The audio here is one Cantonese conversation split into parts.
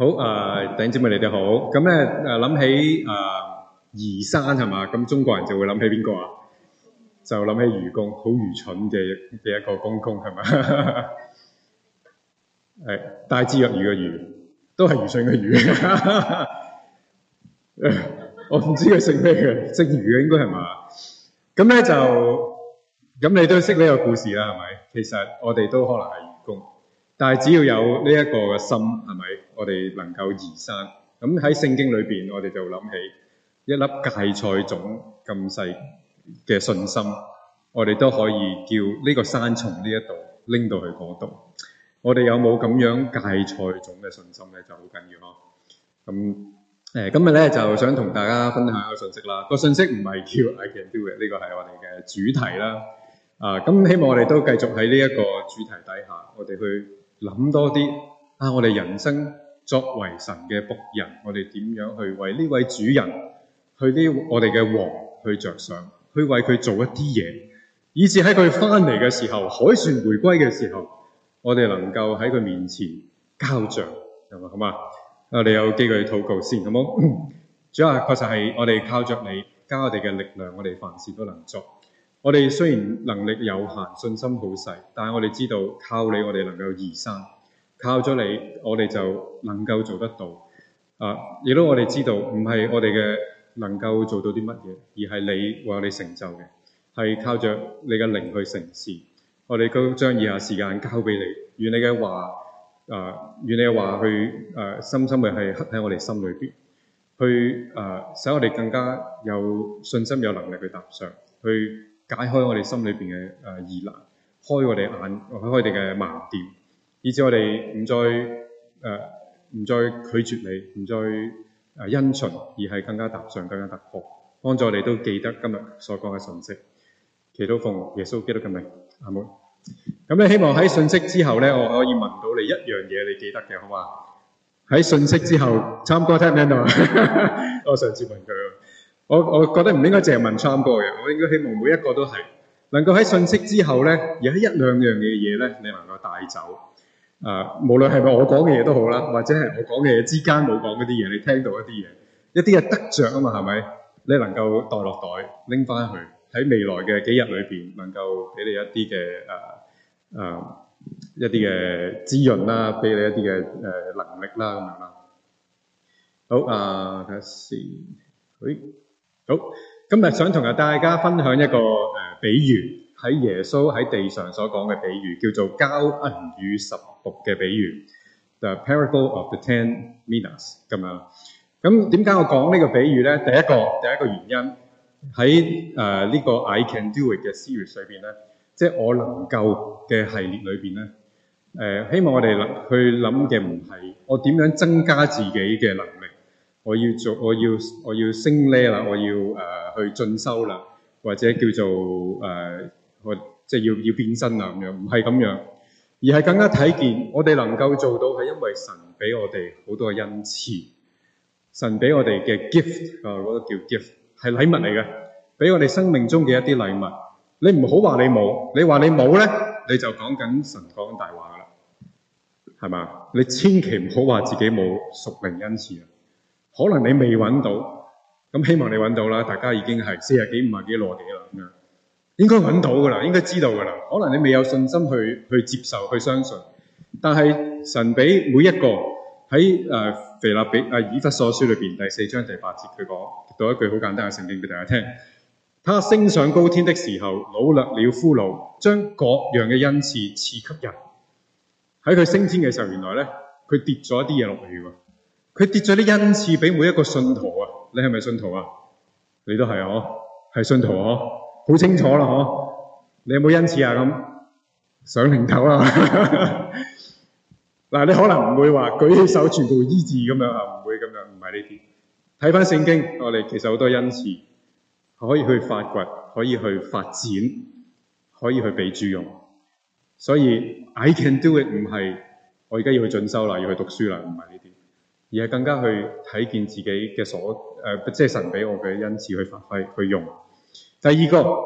好誒，頂知咪你哋好咁咧？誒，諗起誒，移、呃、山係嘛？咁中國人就會諗起邊個啊？就諗起愚公，好愚蠢嘅嘅一個公公係嘛？係、 呃、大智若愚嘅愚，都係愚蠢嘅愚、 呃。我唔知佢姓咩嘅，姓愚嘅應該係嘛？咁咧就咁，你都識呢個故事啦，係咪？其實我哋都可能係。但係只要有呢一個嘅心，係咪？我哋能夠移山。咁喺聖經裏邊，我哋就諗起一粒芥菜種咁細嘅信心，我哋都可以叫呢個山從呢一度拎到去嗰度。我哋有冇咁樣芥菜種嘅信心咧，就好緊要咯。咁誒，今日咧就想同大家分享一個信息啦。個信息唔係叫 I can do it，呢個係我哋嘅主題啦。啊，咁希望我哋都繼續喺呢一個主題底下，我哋去。諗多啲啊！我哋人生作為神嘅僕人，我哋點樣去為呢位主人，去呢我哋嘅王去着想，去為佢做一啲嘢，以至喺佢翻嚟嘅時候，海船回歸嘅時候，我哋能夠喺佢面前交賬，咁啊好嘛？啊，我哋有機會去禱告先，好冇？ 主啊，確實係我哋靠着你加我哋嘅力量，我哋凡事都能作。我哋雖然能力有限，信心好細，但係我哋知道靠你，我哋能夠移山；靠咗你，我哋就能夠做得到。啊、呃！亦都我哋知道，唔係我哋嘅能夠做到啲乜嘢，而係你為我哋成就嘅，係靠着你嘅靈去成事。我哋都將以下時間交俾你，願你嘅話啊，願你嘅話去誒、呃，深深嘅係刻喺我哋心裏邊，去誒、呃，使我哋更加有信心、有能力去踏上，去。解開我哋心裏邊嘅誒疑難，開我哋眼，開，開我哋嘅盲點，以至我哋唔再誒唔、呃、再拒絕你，唔再誒、呃、因循，而係更加踏上、更加突破，幫助我哋都記得今日所講嘅信息。祈禱奉耶穌基督嘅名，阿門。咁咧，希望喺信息之後咧，我可以問到你一樣嘢，你記得嘅好嘛？喺信息之後，參哥聽唔聽到？ 我上次問佢。我我覺得唔應該淨係問參哥嘅，我應該希望每一個都係能夠喺信息之後咧，有喺一兩樣嘅嘢咧，你能夠帶走啊。無論係咪我講嘅嘢都好啦，或者係我講嘅嘢之間冇講嗰啲嘢，你聽到一啲嘢，一啲嘢得著啊嘛，係咪？你能夠袋落袋拎翻去喺未來嘅幾日裏邊，能夠俾你一啲嘅誒誒一啲嘅滋潤啦，俾你一啲嘅誒能力啦，咁樣啦。好啊，睇下先，誒。好，今日想同大家分享一個誒、呃、比喻，喺耶穌喺地上所講嘅比喻，叫做交銀與十僕嘅比喻，the parable of the ten minas 咁樣。咁點解我講呢個比喻咧？第一個第一個原因喺誒呢個 I can do it 嘅 series 裏邊咧，即係我能夠嘅系列裏邊咧，誒、呃、希望我哋去諗嘅唔係我點樣增加自己嘅能力。我要做，我要我要升 level，我要誒去進修啦，或者叫做誒，我即係要要變身啦咁樣，唔係咁樣，而係更加睇見我哋能夠做到係因為神俾我哋好多嘅恩賜，神俾我哋嘅 gift 啊、呃，嗰個叫 gift 係禮物嚟嘅，俾我哋生命中嘅一啲禮物。你唔好話你冇，你話你冇咧，你就講緊神講緊大話啦，係嘛？你千祈唔好話自己冇屬靈恩賜啊！可能你未揾到，咁希望你揾到啦。大家已經係四十幾、五十幾落地啦，咁樣應該揾到噶啦，應該知道噶啦。可能你未有信心去去接受、去相信，但係神俾每一個喺誒腓立比啊、呃、以弗所書裏邊第四章第八節，佢講到一句好簡單嘅聖經俾大家聽：他升上高天的時候，擄掠了俘虜，將各樣嘅恩賜賜給人。喺佢升天嘅時候，原來咧佢跌咗一啲嘢落去喎。佢跌咗啲恩賜俾每一個信徒啊！你係咪信徒啊？你都係啊？嗬，係信徒嗬、啊，好清楚啦、啊、嗬、啊！你有冇恩賜啊？咁上領頭啊？嗱， 你可能唔會話舉起手全部醫治咁樣啊，唔會咁樣，唔係呢啲。睇翻聖經，我哋其實好多恩賜可以去發掘，可以去發展，可以去俾主用。所以 I can do it 唔係我而家要去進修啦，要去讀書啦，唔係呢啲。而係更加去睇見自己嘅所誒、呃，即係神俾我嘅恩賜去發揮去用。第二個，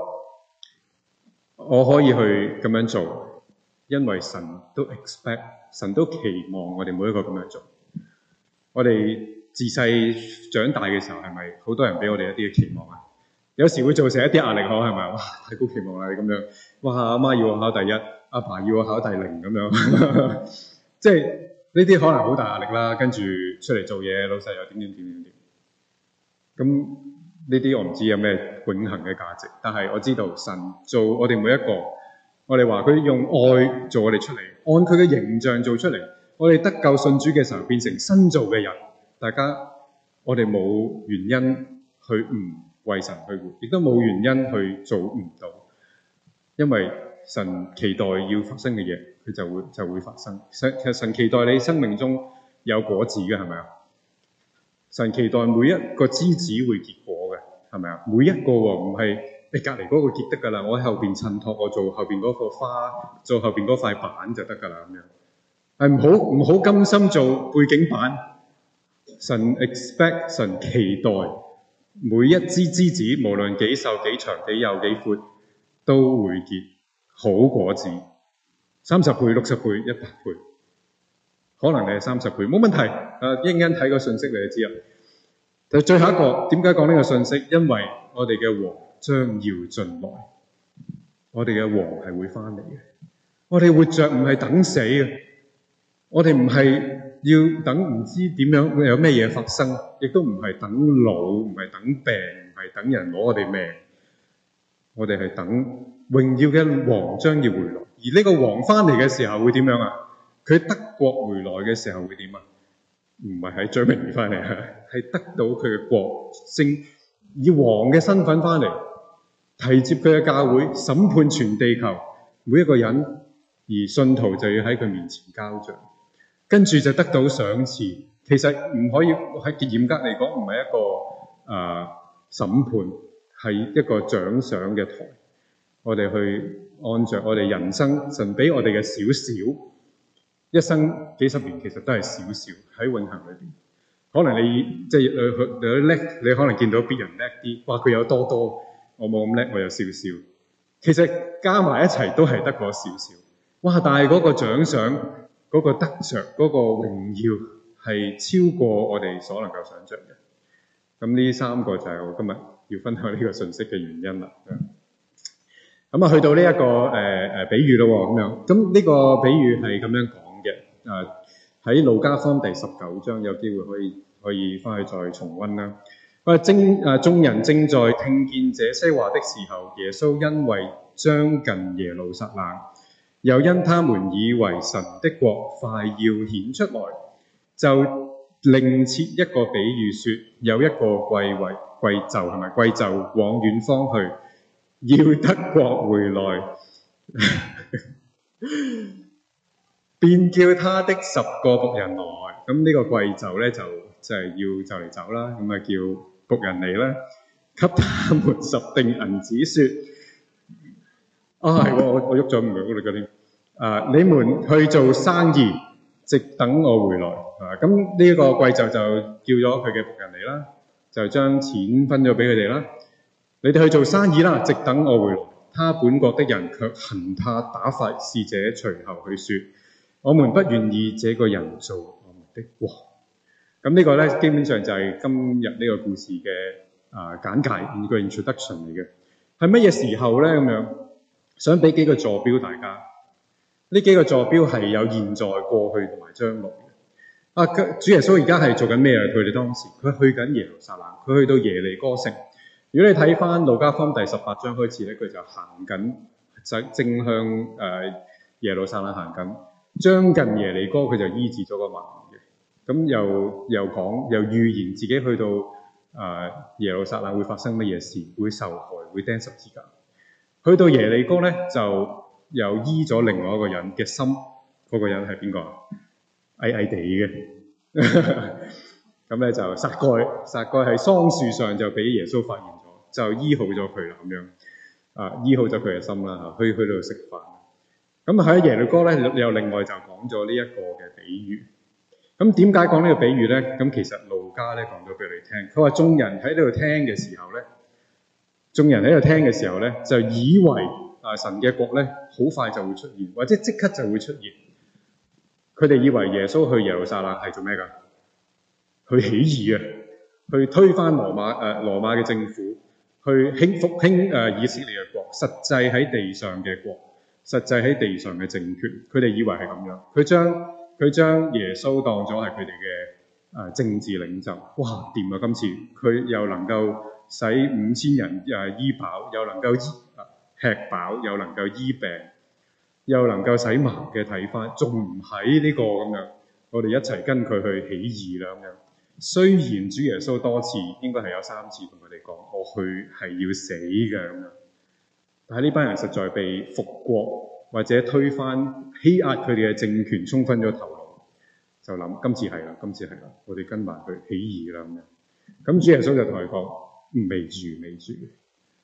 我可以去咁樣做，因為神都 expect，神都期望我哋每一個咁樣做。我哋自細長大嘅時候，係咪好多人俾我哋一啲嘅期望啊？有時會造成一啲壓力嗬，係咪？哇，太高期望啦，咁樣。哇，阿媽要我考第一，阿爸、爸要我考第零咁樣，即 係、就是。呢啲可能好大壓力啦，跟住出嚟做嘢，老細又點點點點點。咁呢啲我唔知有咩永恆嘅價值，但係我知道神做我哋每一個，我哋話佢用愛做我哋出嚟，按佢嘅形象做出嚟，我哋得救信主嘅時候變成新造嘅人。大家我哋冇原因去唔為神去活，亦都冇原因去做唔到，因為。神期待要發生嘅嘢，佢就會就會發生。其實神期待你生命中有果子嘅，係咪啊？神期待每一個枝子會結果嘅，係咪啊？每一個唔係你隔離嗰個結得㗎喇，我喺後邊襯托，我做後邊嗰個花，做後邊嗰塊板就得㗎喇。咁樣係唔好唔好甘心做背景板。神 expect 神期待每一枝枝子，無論幾瘦幾長、幾幼、幾闊，都會結。好果子，三十倍、六十倍、一百倍，可能你係三十倍冇問題。啊，一陣間睇個信息你就知啦。就最後一個，點解講呢個信息？因為我哋嘅王將要進來，我哋嘅王係會翻嚟嘅。我哋活着唔係等死啊！我哋唔係要等唔知點樣會有咩嘢發生，亦都唔係等老，唔係等病，唔係等人攞我哋命。我哋係等榮耀嘅王將要回來，而呢個王翻嚟嘅時候會點樣啊？佢得國回來嘅時候會點啊？唔係喺最尾翻嚟啊，係得到佢嘅國星，以王嘅身份翻嚟，提接佢嘅教會，審判全地球每一個人，而信徒就要喺佢面前交賬，跟住就得到賞賜。其實唔可以喺嚴格嚟講，唔係一個啊、呃、審判。係一個獎賞嘅台，我哋去按着我哋人生神俾我哋嘅少少一生幾十年，其實都係少少喺永恆裏邊。可能你即係、就是、你叻，你可能見到別人叻啲，哇！佢有多多，我冇咁叻，我有少少。其實加埋一齊都係得嗰少少哇！但係嗰個獎賞、嗰、那個得著、嗰、那個榮耀係超過我哋所能夠想像嘅。咁呢三個就係我今日要分享呢個信息嘅原因啦。咁、嗯、啊，去到呢、這、一個誒誒、呃呃、比喻咯咁樣。咁、這、呢個比喻係咁樣講嘅。誒、呃、喺路加福音第十九章有機會可以可以翻去再重溫啦。佢話：精、呃、眾人正在聽見這些話的時候，耶穌因為將近耶路撒冷，又因他們以為神的國快要顯出來，就另設一個比喻，說有一個貴貴貴胄係咪貴胄往遠方去，要得國回來，便叫他的十個僕人來。咁呢個貴胄咧就就係要就嚟走啦。咁啊叫僕人嚟咧，給他們十定銀紙，説：啊係我我喐咗唔少嗰啲。啊你們去做生意，直等我回來。啊！咁呢一個貴族就叫咗佢嘅僕人嚟啦，就將錢分咗俾佢哋啦。你哋去做生意啦，直等我回來。他本國的人卻恨他打發使者，隨後去説：我們不願意這個人做我們的王。咁呢、呢個咧，基本上就係今日呢個故事嘅啊簡介，五句 introduction 嚟嘅。喺乜嘢時候咧？咁樣想俾幾個坐標大家。呢幾個坐標係有現在、過去同埋將來。啊！主耶穌而家係做緊咩啊？佢哋當時，佢去緊耶路撒冷，佢去到耶利哥城。如果你睇翻路加福音第十八章開始咧，佢就行緊，正正向誒、呃、耶路撒冷行緊。將近耶利哥，佢就醫治咗個盲嘅。咁又又講又預言自己去到誒、呃、耶路撒冷會發生乜嘢事，會受害，會釘十字架。去到耶利哥咧，就又醫咗另外一個人嘅心。嗰、那個人係邊個啊？矮矮地嘅， 咁咧就撒該，撒該喺桑樹上就俾耶穌發現咗，就醫好咗佢啦，咁樣，啊，醫好咗佢嘅心啦嚇、啊，去去到食飯。咁喺耶利哥咧，又另外就講咗呢一個嘅比喻。咁點解講呢個比喻咧？咁其實路加咧講咗俾你聽，佢話眾人喺呢度聽嘅時候咧，眾人喺度聽嘅時候咧，就以為啊神嘅國咧好快就會出現，或者即刻就會出現。佢哋以為耶穌去耶路撒冷係做咩噶？去起義啊，去推翻羅馬誒、呃、羅馬嘅政府，去興復興誒、呃、以色列嘅國，實際喺地上嘅國，實際喺地上嘅政權。佢哋以為係咁樣，佢將佢將耶穌當咗係佢哋嘅誒政治領袖。哇，掂啊！今次佢又能夠使五千人誒、呃、醫飽，又能夠、呃、吃飽，又能夠醫病。又能夠使盲嘅睇翻，仲唔喺呢個咁樣？我哋一齊跟佢去起義啦咁樣。雖然主耶穌多次，應該係有三次同佢哋講，我去係要死嘅咁樣。但係呢班人實在被復國或者推翻欺壓佢哋嘅政權衝昏咗頭腦，就諗今次係啦，今次係啦，我哋跟埋佢起義啦咁樣。咁主耶穌就同佢講：未住，未住。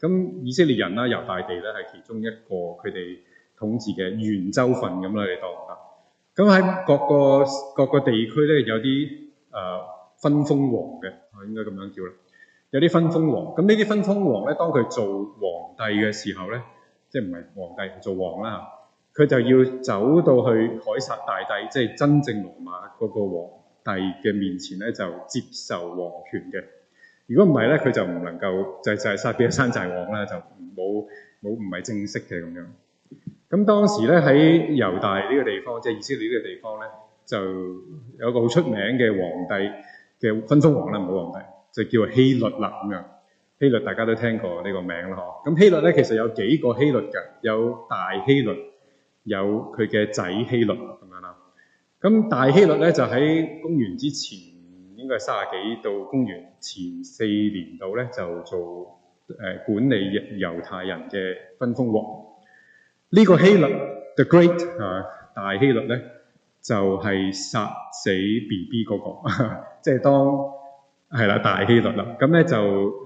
咁以色列人啦，猶大地咧係其中一個佢哋統治嘅元州份咁啦，你當唔得？咁喺各個各個地區咧，有啲誒、呃、分封王嘅，應該咁樣叫啦。有啲分封王，咁呢啲分封王咧，當佢做皇帝嘅時候咧，即係唔係皇帝做王啦嚇，佢就要走到去凱撒大帝，即係真正羅馬嗰個皇帝嘅面前咧，就接受皇權嘅。如果唔係咧，佢就唔能夠就係、就係、係、殺啲山寨王啦，就冇冇唔係正式嘅咁樣。咁當時咧喺猶大呢個地方，即、就、係、係、以色列呢個地方咧，就有個好出名嘅皇帝嘅分封王啦，唔好皇帝，就叫做希律啦咁樣。希律大家都聽過呢個名啦嗬，咁希律咧其實有幾個希律嘅，有大希律，有佢嘅仔希律咁樣啦。咁大希律咧就喺公元之前。應該係卅幾到公元前四年度咧，就做誒、呃、管理猶太人嘅分封王。呢、呢個希律 the Great 啊，大希律咧就係、是、殺死 B B 嗰個，即 係當係啦、啊、大希律啦。咁咧就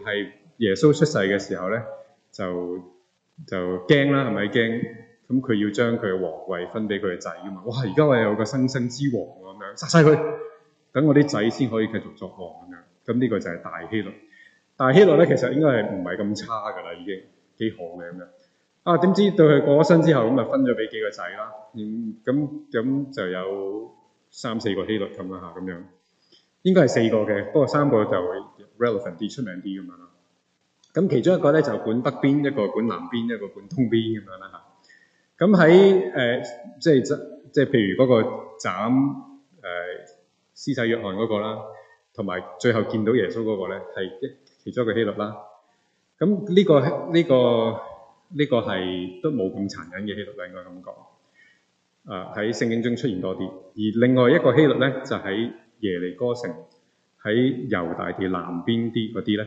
係耶穌出世嘅時候咧，就就驚啦，係咪驚？咁佢要將佢嘅皇位分俾佢嘅仔噶嘛？哇！而家我有個新生、生之王啊咁樣，殺晒佢。等我啲仔先可以繼續作夢咁樣，咁呢個就係大希律。大希律咧，其實應該係唔係咁差㗎啦，已經幾好嘅咁樣。啊，點知到佢過咗身之後，咁啊分咗俾幾個仔啦。咁、嗯、咁就有三四個希律咁啦嚇，咁樣，咁樣應該係四個嘅，不過三個就 relevant 啲、出名啲咁樣啦。咁其中一個咧就管、是、北邊，一個管南邊，一個管東邊咁樣啦嚇。咁喺誒，即係即係，譬如嗰個斬、呃施洗約翰嗰、那個啦，同埋最後見到耶穌嗰、那個咧，係一其中一個希律啦。咁呢、這個呢、這個呢、這個係都冇咁殘忍嘅希律啦。應該咁講啊，喺聖經中出現多啲。而另外一個希律咧，就喺、是、耶利哥城喺猶大地南邊啲嗰啲咧，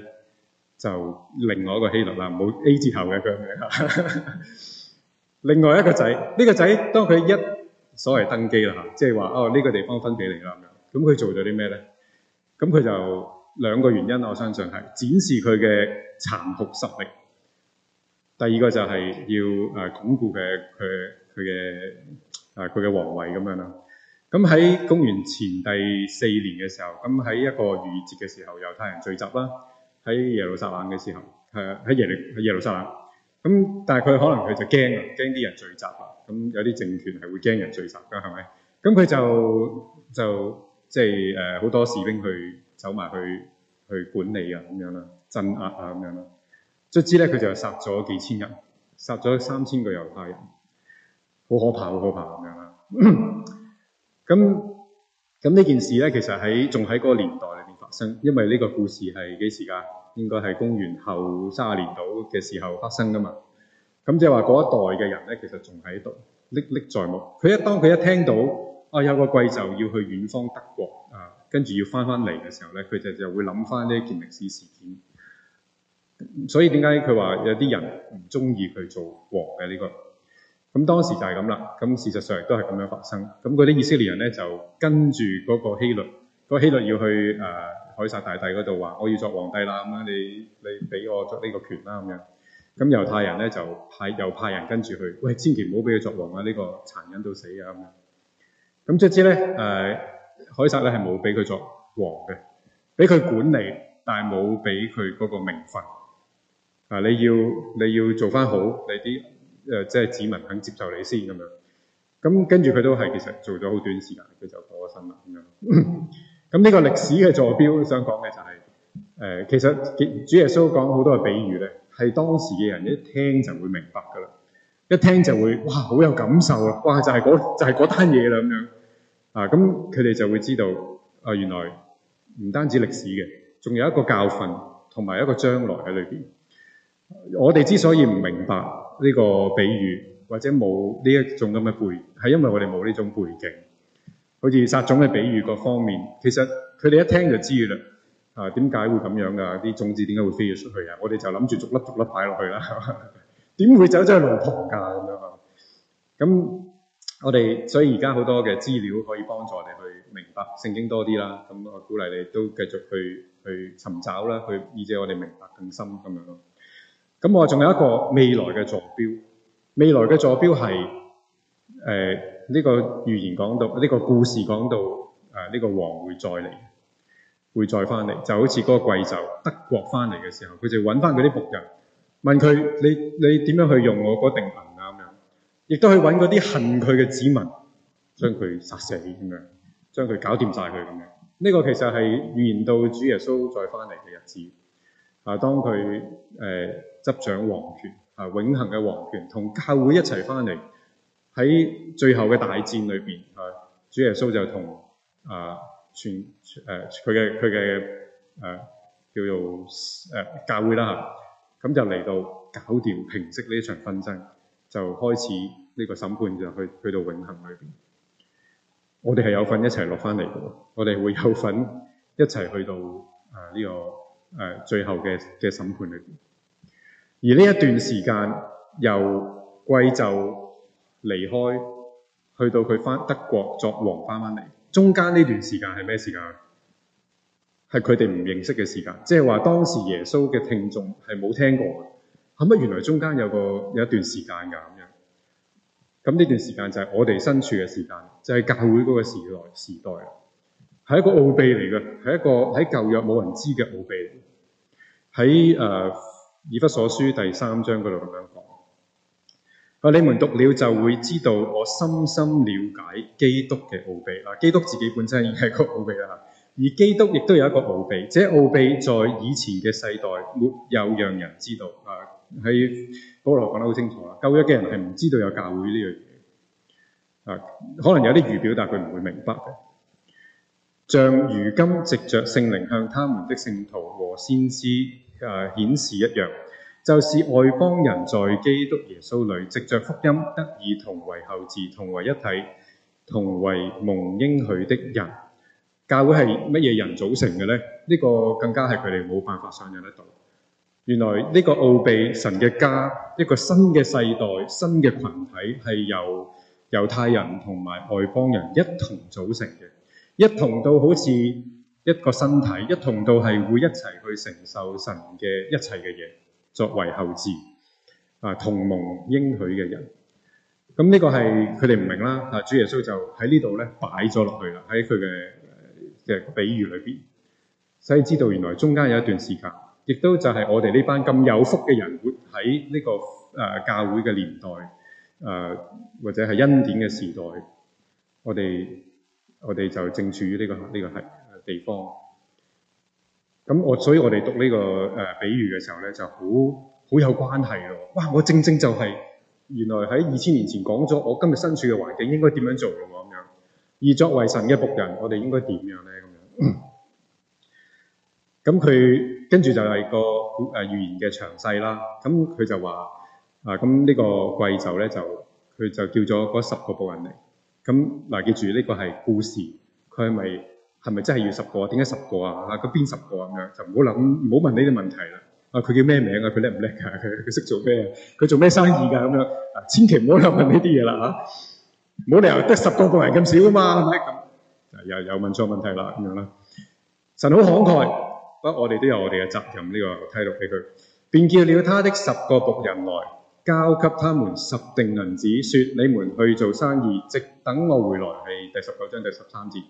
就另外一個希律啦，冇 A 字頭嘅。佢另外一個仔呢、這個仔，當佢一所謂登基啦嚇，即係話哦呢、這個地方分俾你啦咁樣。咁佢做咗啲咩咧？咁佢就兩個原因，我相信係展示佢嘅殘酷實力。第二個就係要誒鞏、呃、固嘅佢佢嘅誒佢嘅皇位咁樣啦。咁喺公元前第四年嘅時候，咁喺一個逾越節嘅時候，猶太人聚集啦，喺耶路撒冷嘅時候，係喺耶利喺耶路撒冷。咁但係佢可能佢就驚啊，驚啲人聚集啊。咁有啲政權係會驚人聚集㗎，係咪？咁佢就就。就即係誒，好多士兵去走埋去去管理啊，咁樣啦，鎮壓啊，咁樣啦。卒之咧，佢就殺咗幾千人，殺咗三千個猶太人，好可怕，好可怕咁樣啦。咁咁呢件事咧，其實喺仲喺嗰個年代裏邊發生，因為呢個故事係幾時㗎？應該係公元後卅年度嘅時候發生㗎嘛。咁即係話嗰一代嘅人咧，其實仲喺度歷歷在目。佢一當佢一聽到。啊！有個貴就要去遠方德國啊，跟住要翻翻嚟嘅時候咧，佢就就會諗翻呢一件歷史事件。所以點解佢話有啲人唔中意佢做王嘅呢個？咁當時就係咁啦。咁事實上亦都係咁樣發生。咁嗰啲以色列人咧就跟住嗰個希律，個希律要去誒凱撒大帝嗰度話：我要作皇帝啦！咁樣你你俾我作呢個權啦咁樣。咁猶太人咧就派又派人跟住佢：「喂，千祈唔好俾佢作王啊！呢個殘忍到死啊咁樣。咁即知咧，誒，凱、呃、撒咧係冇俾佢作王嘅，俾佢管理，但係冇俾佢嗰個名分。啊，你要你要做返好，你啲誒即係子民肯接受你先咁樣。咁跟住佢都係其實做咗好短時間，佢就過咗身啦咁樣。咁呢、嗯、個歷史嘅座標想講嘅就係誒，其實主耶穌講好多嘅比喻咧，係當時嘅人一聽就會明白㗎啦，一聽就會哇好有感受啊，哇就係、是、嗰就係嗰單嘢啦咁樣。啊，咁佢哋就會知道啊，原來唔單止歷史嘅，仲有一個教訓同埋一個將來喺裏邊。我哋之所以唔明白呢個比喻，或者冇呢一種咁嘅背，係因為我哋冇呢種背景。好似撒種嘅比喻各方面，其實佢哋一聽就知啦。啊，點解會咁樣噶、啊？啲種子點解會飛咗出去啊？我哋就諗住逐粒逐粒擺落去啦，點 會走咗去路旁㗎咁樣啊？咁。我哋所以而家好多嘅資料可以幫助我哋去明白聖經多啲啦，咁我鼓勵你都繼續去去尋找啦，去以致我哋明白更深咁樣咯。咁我仲有一個未來嘅坐標，未來嘅坐標係誒呢個預言講到，呢個故事講到誒呢個王會再嚟，會再翻嚟，就好似個貴就德國翻嚟嘅時候，佢就揾翻佢啲僕人問佢：你你點樣去用我嗰定額？亦都去揾嗰啲恨佢嘅子民，將佢殺死咁樣，將佢搞掂晒佢咁樣。呢、呢個其實係預言到主耶穌再翻嚟嘅日子。啊，當佢誒執掌皇權啊，永恆嘅皇權，同教會一齊翻嚟喺最後嘅大戰裏邊啊，主耶穌就同啊全誒佢嘅佢嘅誒叫做誒、呃、教會啦，吓、啊、咁就嚟到搞掂平息呢一場紛爭。就開始呢、這個審判就去去到永恒裏邊，我哋係有份一齊落翻嚟嘅，我哋會有份一齊去到誒呢、啊這個誒、啊、最後嘅嘅審判裏邊。而呢一段時間由貴冑就離開，去到佢翻得國作王翻翻嚟，中間呢段時間係咩時間？係佢哋唔認識嘅時間，即係話當時耶穌嘅聽眾係冇聽過。係乜？原來中間有個有一段時間㗎，咁樣。咁呢段時間就係我哋身處嘅時間，就係、是、教會嗰個時代時代，係一個奧秘嚟嘅，係一個喺舊約冇人知嘅奧秘。喺誒、呃、以弗所書第三章嗰度咁樣講，啊，你們讀了就會知道，我深深了解基督嘅奧秘。啊，基督自己本身已經係個奧秘啦，而基督亦都有一個奧秘，這奧秘在以前嘅世代沒有讓人知道。啊。喺保羅講得好清楚啦。舊約嘅人係唔知道有教會呢樣嘢，啊，可能有啲預表，但係佢唔會明白嘅。像如今藉着聖靈向他們的聖徒和先知啊顯、呃、示一樣，就是外邦人在基督耶穌裏藉着福音得以同為後嗣、同為一體、同為蒙應許的人。教會係乜嘢人組成嘅咧？呢、這個更加係佢哋冇辦法想像得到。原來呢個奧秘，神嘅家，一個新嘅世代、新嘅群體，係由猶太人同埋外邦人一同組成嘅，一同到好似一個身體，一同到係會一齊去承受神嘅一切嘅嘢，作為後嗣啊，同蒙應許嘅人。咁、這、呢個係佢哋唔明啦。啊，主耶穌就喺呢度咧擺咗落去啦，喺佢嘅嘅比喻裏邊，所以知道原來中間有一段時間。亦都就係我哋呢班咁有福嘅人，這個，活喺呢個誒教會嘅年代，誒、呃、或者係恩典嘅時代，我哋我哋就正處於呢、這個呢、這個係、這個、地方。咁我所以我、這個，我哋讀呢個誒比喻嘅時候咧，就好好有關係喎。哇！我正正就係原來喺二千年前講咗，我今日身處嘅環境應該點樣做嘅喎咁樣。而作為神嘅僕人，我哋應該點樣咧咁樣？咁、嗯、佢。跟住就係個誒預言嘅詳細啦，咁佢就話啊，咁呢個貴胄咧就佢就叫咗嗰十個僕人嚟，咁嗱記住呢個係故事，佢係咪係咪真係要十個啊？點解十個啊？佢邊十個咁樣，就唔好諗唔好問呢啲問題啦。啊，佢叫咩名啊？佢叻唔叻啊？佢佢識做咩？佢做咩生意㗎？咁樣啊，千祈唔好諗問呢啲嘢啦嚇，冇理由得十個人咁少啊嘛，係咪咁？又又問錯問題啦咁樣啦，神好慷慨。不過，我哋都有我哋嘅責任呢、這個體諒佢，便叫了他的十個僕人來，交給他們十錠銀子，說：你們去做生意，直等我回來。係第十九章第十三節。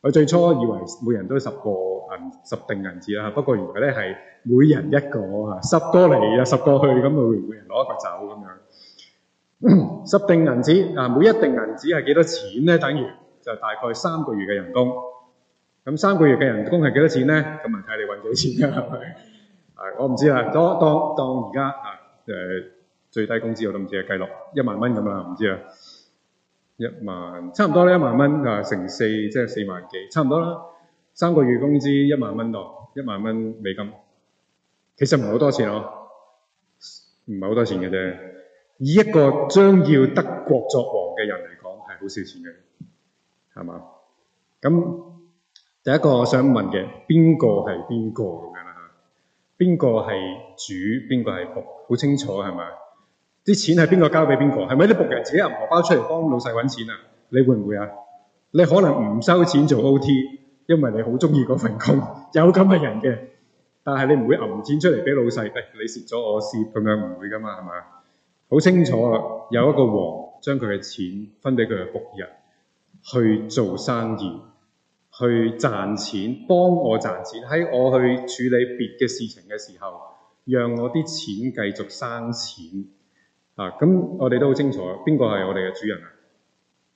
佢最初以為每人都十個銀十錠銀子啦，不過原來咧係每人一個啊，十個嚟啊，十個去，咁啊，每人攞一個走咁樣。 十錠銀子啊，每一錠銀子係幾多錢咧？等於就大概三個月嘅人工。咁三個月嘅人工係幾多錢咧？咁啊睇你揾幾錢㗎，係咪？啊，我唔知啦，當當當而家啊誒最低工資我都唔知啊，計落一萬蚊咁啦，唔知啊一萬差唔多啦，一萬蚊啊乘四即係四萬幾，差唔多啦。三個月工資一萬蚊到，一萬蚊美金，其實唔係好多錢哦，唔係好多錢嘅啫。以一個將要得國作王嘅人嚟講，係好少錢嘅，係嘛？咁。第一個我想問嘅，邊個係邊個咁樣啦？邊個係主，邊個係僕，好清楚係咪？啲錢係邊個交俾邊個？係咪啲僕人自己揞荷包出嚟幫老細搵錢啊？你會唔會啊？你可能唔收錢做 OT，因為你好中意嗰份工， 有咁嘅人嘅。但係你唔會揞錢出嚟俾老細，誒、哎，你蝕咗我蝕，咁樣唔會噶嘛，係咪？好清楚啊，有一個王將佢嘅錢分俾佢嘅僕人去做生意。去賺錢，幫我賺錢，喺我去處理別嘅事情嘅時候，讓我啲錢繼續生錢。啊，咁我哋都好清楚，邊個係我哋嘅主人啊？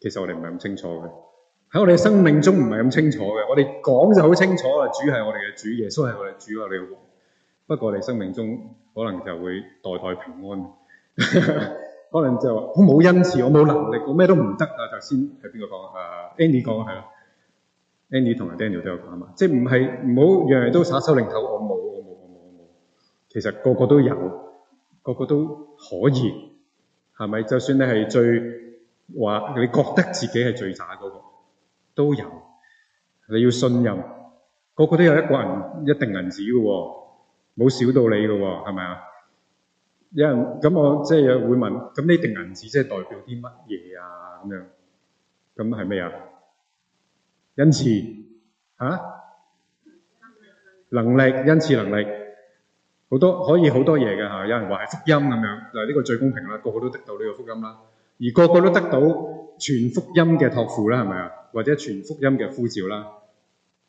其實我哋唔係咁清楚嘅，喺我哋生命中唔係咁清楚嘅。我哋講就好清楚啦，主係我哋嘅主耶，耶穌係我哋主啊，我不過我哋生命中可能就會代代平安， 可能就話好冇恩賜，我冇能力，我咩都唔得啊！頭先係邊個講啊？Andy 講啊，Andy 同埋 Daniel 都有講啊嘛，即係唔係唔好樣樣都耍手擰頭，我冇我冇我冇我冇，其實個個都有，個個都可以，係咪？就算你係最話你覺得自己係最渣嗰個，都有。你要信任，個個都有一個人，一錠銀紙嘅喎，冇少到你嘅喎，係咪啊？有人咁，我即有會問，咁呢錠銀紙即係代表啲乜嘢啊？咁樣咁係咩啊？因此，吓、啊、能力因此能力好多可以好多嘢嘅，吓，有人話係福音咁樣，就係呢個最公平啦，個個都得到呢個福音啦，而個個都得到全福音嘅託付啦，係咪啊？或者全福音嘅呼召啦，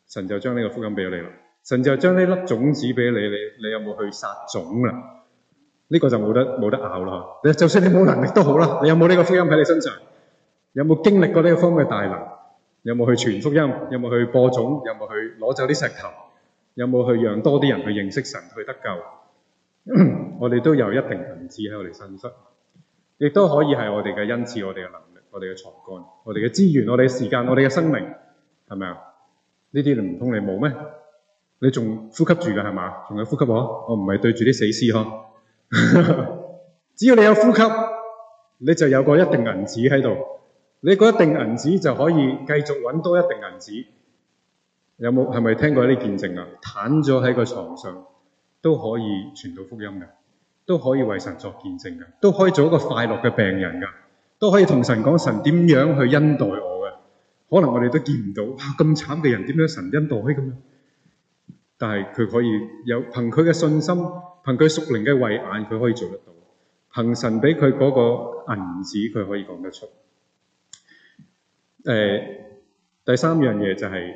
神就將呢個福音俾咗你啦，神就將呢粒種子俾咗你，你你有冇去撒種啊？呢個就冇得冇得拗啦，你就算你冇能力都好啦，你有冇呢個福音喺你身上？有冇經歷過呢個福音嘅大能？有冇去傳福音？有冇去播種？有冇去攞走啲石頭？有冇去讓多啲人去認識神、去得救？ 我哋都有一錠銀子喺我哋身室，亦都可以係我哋嘅恩賜、我哋嘅能力、我哋嘅才幹、我哋嘅資源、我哋嘅時間、我哋嘅生命，係咪啊？呢啲你唔通你冇咩？你仲呼吸住噶係嘛？仲有呼吸我、啊？我唔係對住啲死屍嗬、啊。 只要你有呼吸，你就有個一錠銀子喺度。你覺得一錠銀子就可以繼續搵多一錠銀子？有冇係咪聽過呢啲見證啊？癱咗喺個床上都可以傳到福音嘅，都可以為神作見證嘅，都可以做一個快樂嘅病人噶都可以同神講神點樣去恩待我嘅。可能我哋都見唔到哇，咁慘嘅人點樣神恩待咁樣？但係佢可以有憑佢嘅信心，憑佢屬靈嘅慧眼，佢可以做得到。憑神俾佢嗰個銀子，佢可以講得出。誒、呃、第三樣嘢就係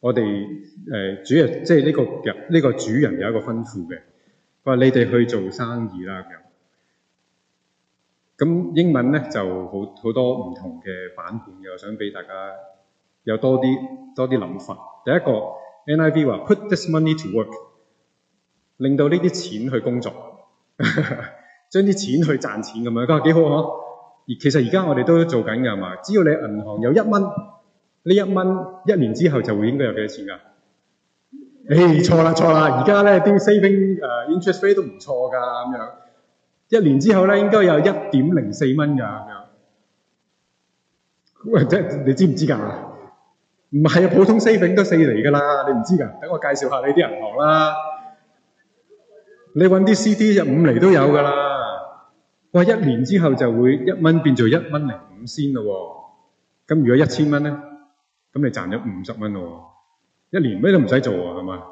我哋誒、呃、主啊，即係呢、這個人呢、這個主人有一個吩咐嘅，佢話你哋去做生意啦咁樣。咁英文咧就好好多唔同嘅版本嘅，我想俾大家有多啲多啲諗法。第一個 N.I.V 話：Put this money to work，令到呢啲錢去工作，將 啲錢去賺錢咁樣，咁幾好嗬。而其實而家我哋都做緊㗎嘛？只要你銀行有一蚊，呢一蚊一年之後就會應該有幾多錢㗎？誒、哎，錯啦錯啦！而家咧啲 saving 誒 interest rate 都唔錯㗎，咁樣一年之後咧應該有一點零四蚊㗎，咁樣。喂，即係你知唔知㗎？唔係啊，普通 saving 都四厘㗎啦，你唔知㗎？等我介紹下你啲銀行啦。你揾啲 CD 入五厘都有㗎啦。哇！一年之後就會一蚊變做一蚊零五仙咯喎，咁如果一千蚊咧，咁你賺咗五十蚊咯喎，一年咩都唔使做啊，係嘛？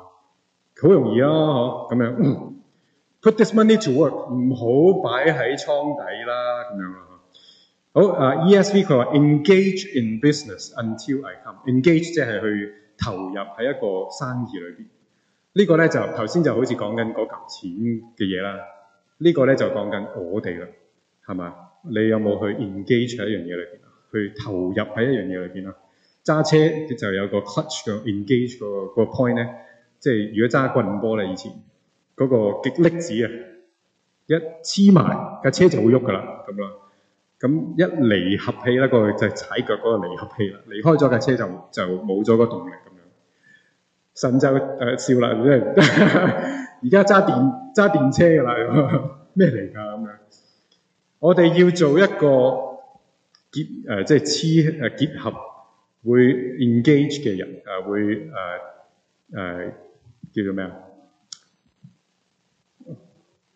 好容易啊，嗬、哦！咁樣、嗯，put this money to work，唔好擺喺倉底啦，咁樣咯。好啊，ESV 佢話 engage in business until I come，engage 即係去投入喺一個生意裏面。這個、呢個咧就頭先就好似講緊嗰嚿錢嘅嘢啦。呢個咧就講緊我哋啦，係嘛？你有冇去 engage 喺一樣嘢裏邊啊？去投入喺一樣嘢裏邊啊？揸車就有個 clutch 個 engage 個、個 point 咧，即係如果揸棍波咧，以前個極力子啊，一黐埋架車就會喐噶啦咁咯。咁一離合器咧，個就踩腳個離合器啦，離開咗架車就就冇咗個動力。神州誒，笑啦，即係而家揸電揸電車㗎啦，咩嚟㗎咁樣？我哋要做一個結誒，即係黐誒結合會 engage 嘅人，誒會誒誒、呃呃、叫做咩啊？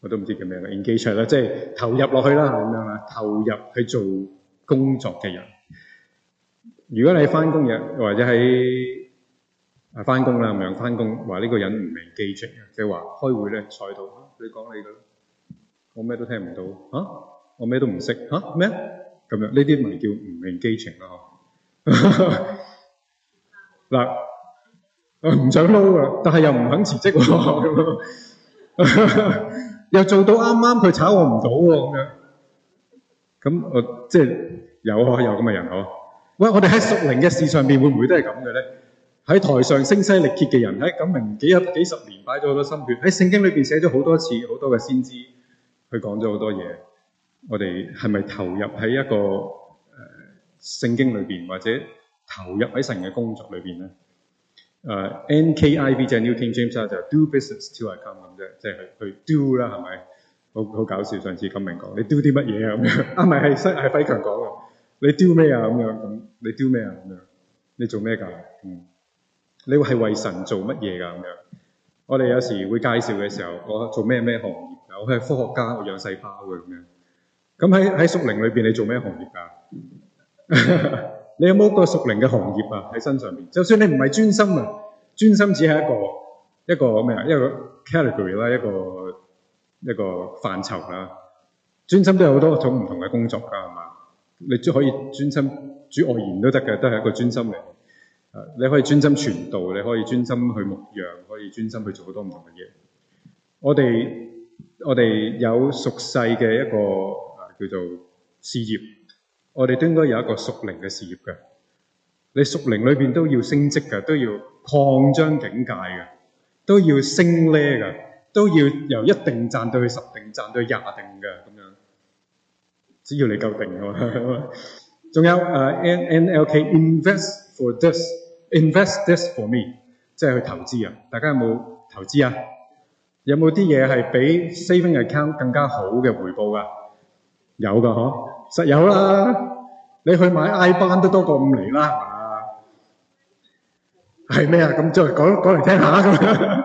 我都唔知叫咩啦，engage 啦，即係投入落去啦係咁樣啦，投入去做工作嘅人。如果你翻工嘅或者喺啊，翻工啦咁樣翻工，話呢個人唔明基情啊，即係話開會咧塞到，你講你嘅啦，我咩都聽唔到，嚇？我咩都唔識，嚇咩？咁樣呢啲咪叫唔明基情咯？嗱，唔想撈啊，但係又唔肯辭職喎，又做到啱啱佢炒我唔到喎，咁樣，咁我即係有啊，有咁嘅人嗬？喂，我哋喺屬靈嘅事上邊會唔會都係咁嘅咧？喺台上聲嘶力竭嘅人，喺錦明幾十幾十年擺咗好多心血，喺聖經裏邊寫咗好多次，好多嘅先知佢講咗好多嘢。我哋係咪投入喺一個誒聖經裏邊，或者投入喺神嘅工作裏邊咧？誒 N K J V 就 New King James 啦，就 Do business till I come 咁啫，即係去去 do 啦，係咪？好好搞笑！上次錦明講你 do 啲乜嘢啊咁樣啊，唔係係係費強講嘅，你 do 咩啊咁樣咁？你 do 咩啊咁樣？你做咩㗎？嗯。你係為神做乜嘢㗎咁樣？我哋有時會介紹嘅時候，我做咩咩行業？我係科學家，我養細胞嘅咁樣。咁喺喺屬靈裏邊，面你做咩行業㗎？ 你有冇個屬靈嘅行業啊？喺身上邊，就算你唔係專心啊，專心只係一個一個咩啊？一個 category 啦，一個 category，一個範疇啦。專心都有好多種唔同嘅工作㗎，係嘛？你都可以專心主外研都得嘅，都係一個專心嘅。誒，你可以專心傳道，你可以專心去牧養，可以專心去做好多唔同嘅嘢。我哋我哋有屬世嘅一個啊叫做事業，我哋都應該有一個屬靈嘅事業嘅。你屬靈裏邊都要升職嘅，都要擴張境界嘅，都要升呢嘅，都要由一定賺到去十定賺到廿定嘅咁樣。只要你夠定係嘛？仲 有誒、uh, N N L K invest for this。Invest this for me，即係去投資啊！大家有冇投資啊？有冇啲嘢係比 saving account 更加好嘅回報㗎？有㗎嗬，實有啦！你去買 i 班都多過五厘啦，係咪啊？咩啊？咁再講講嚟聽，聽下咁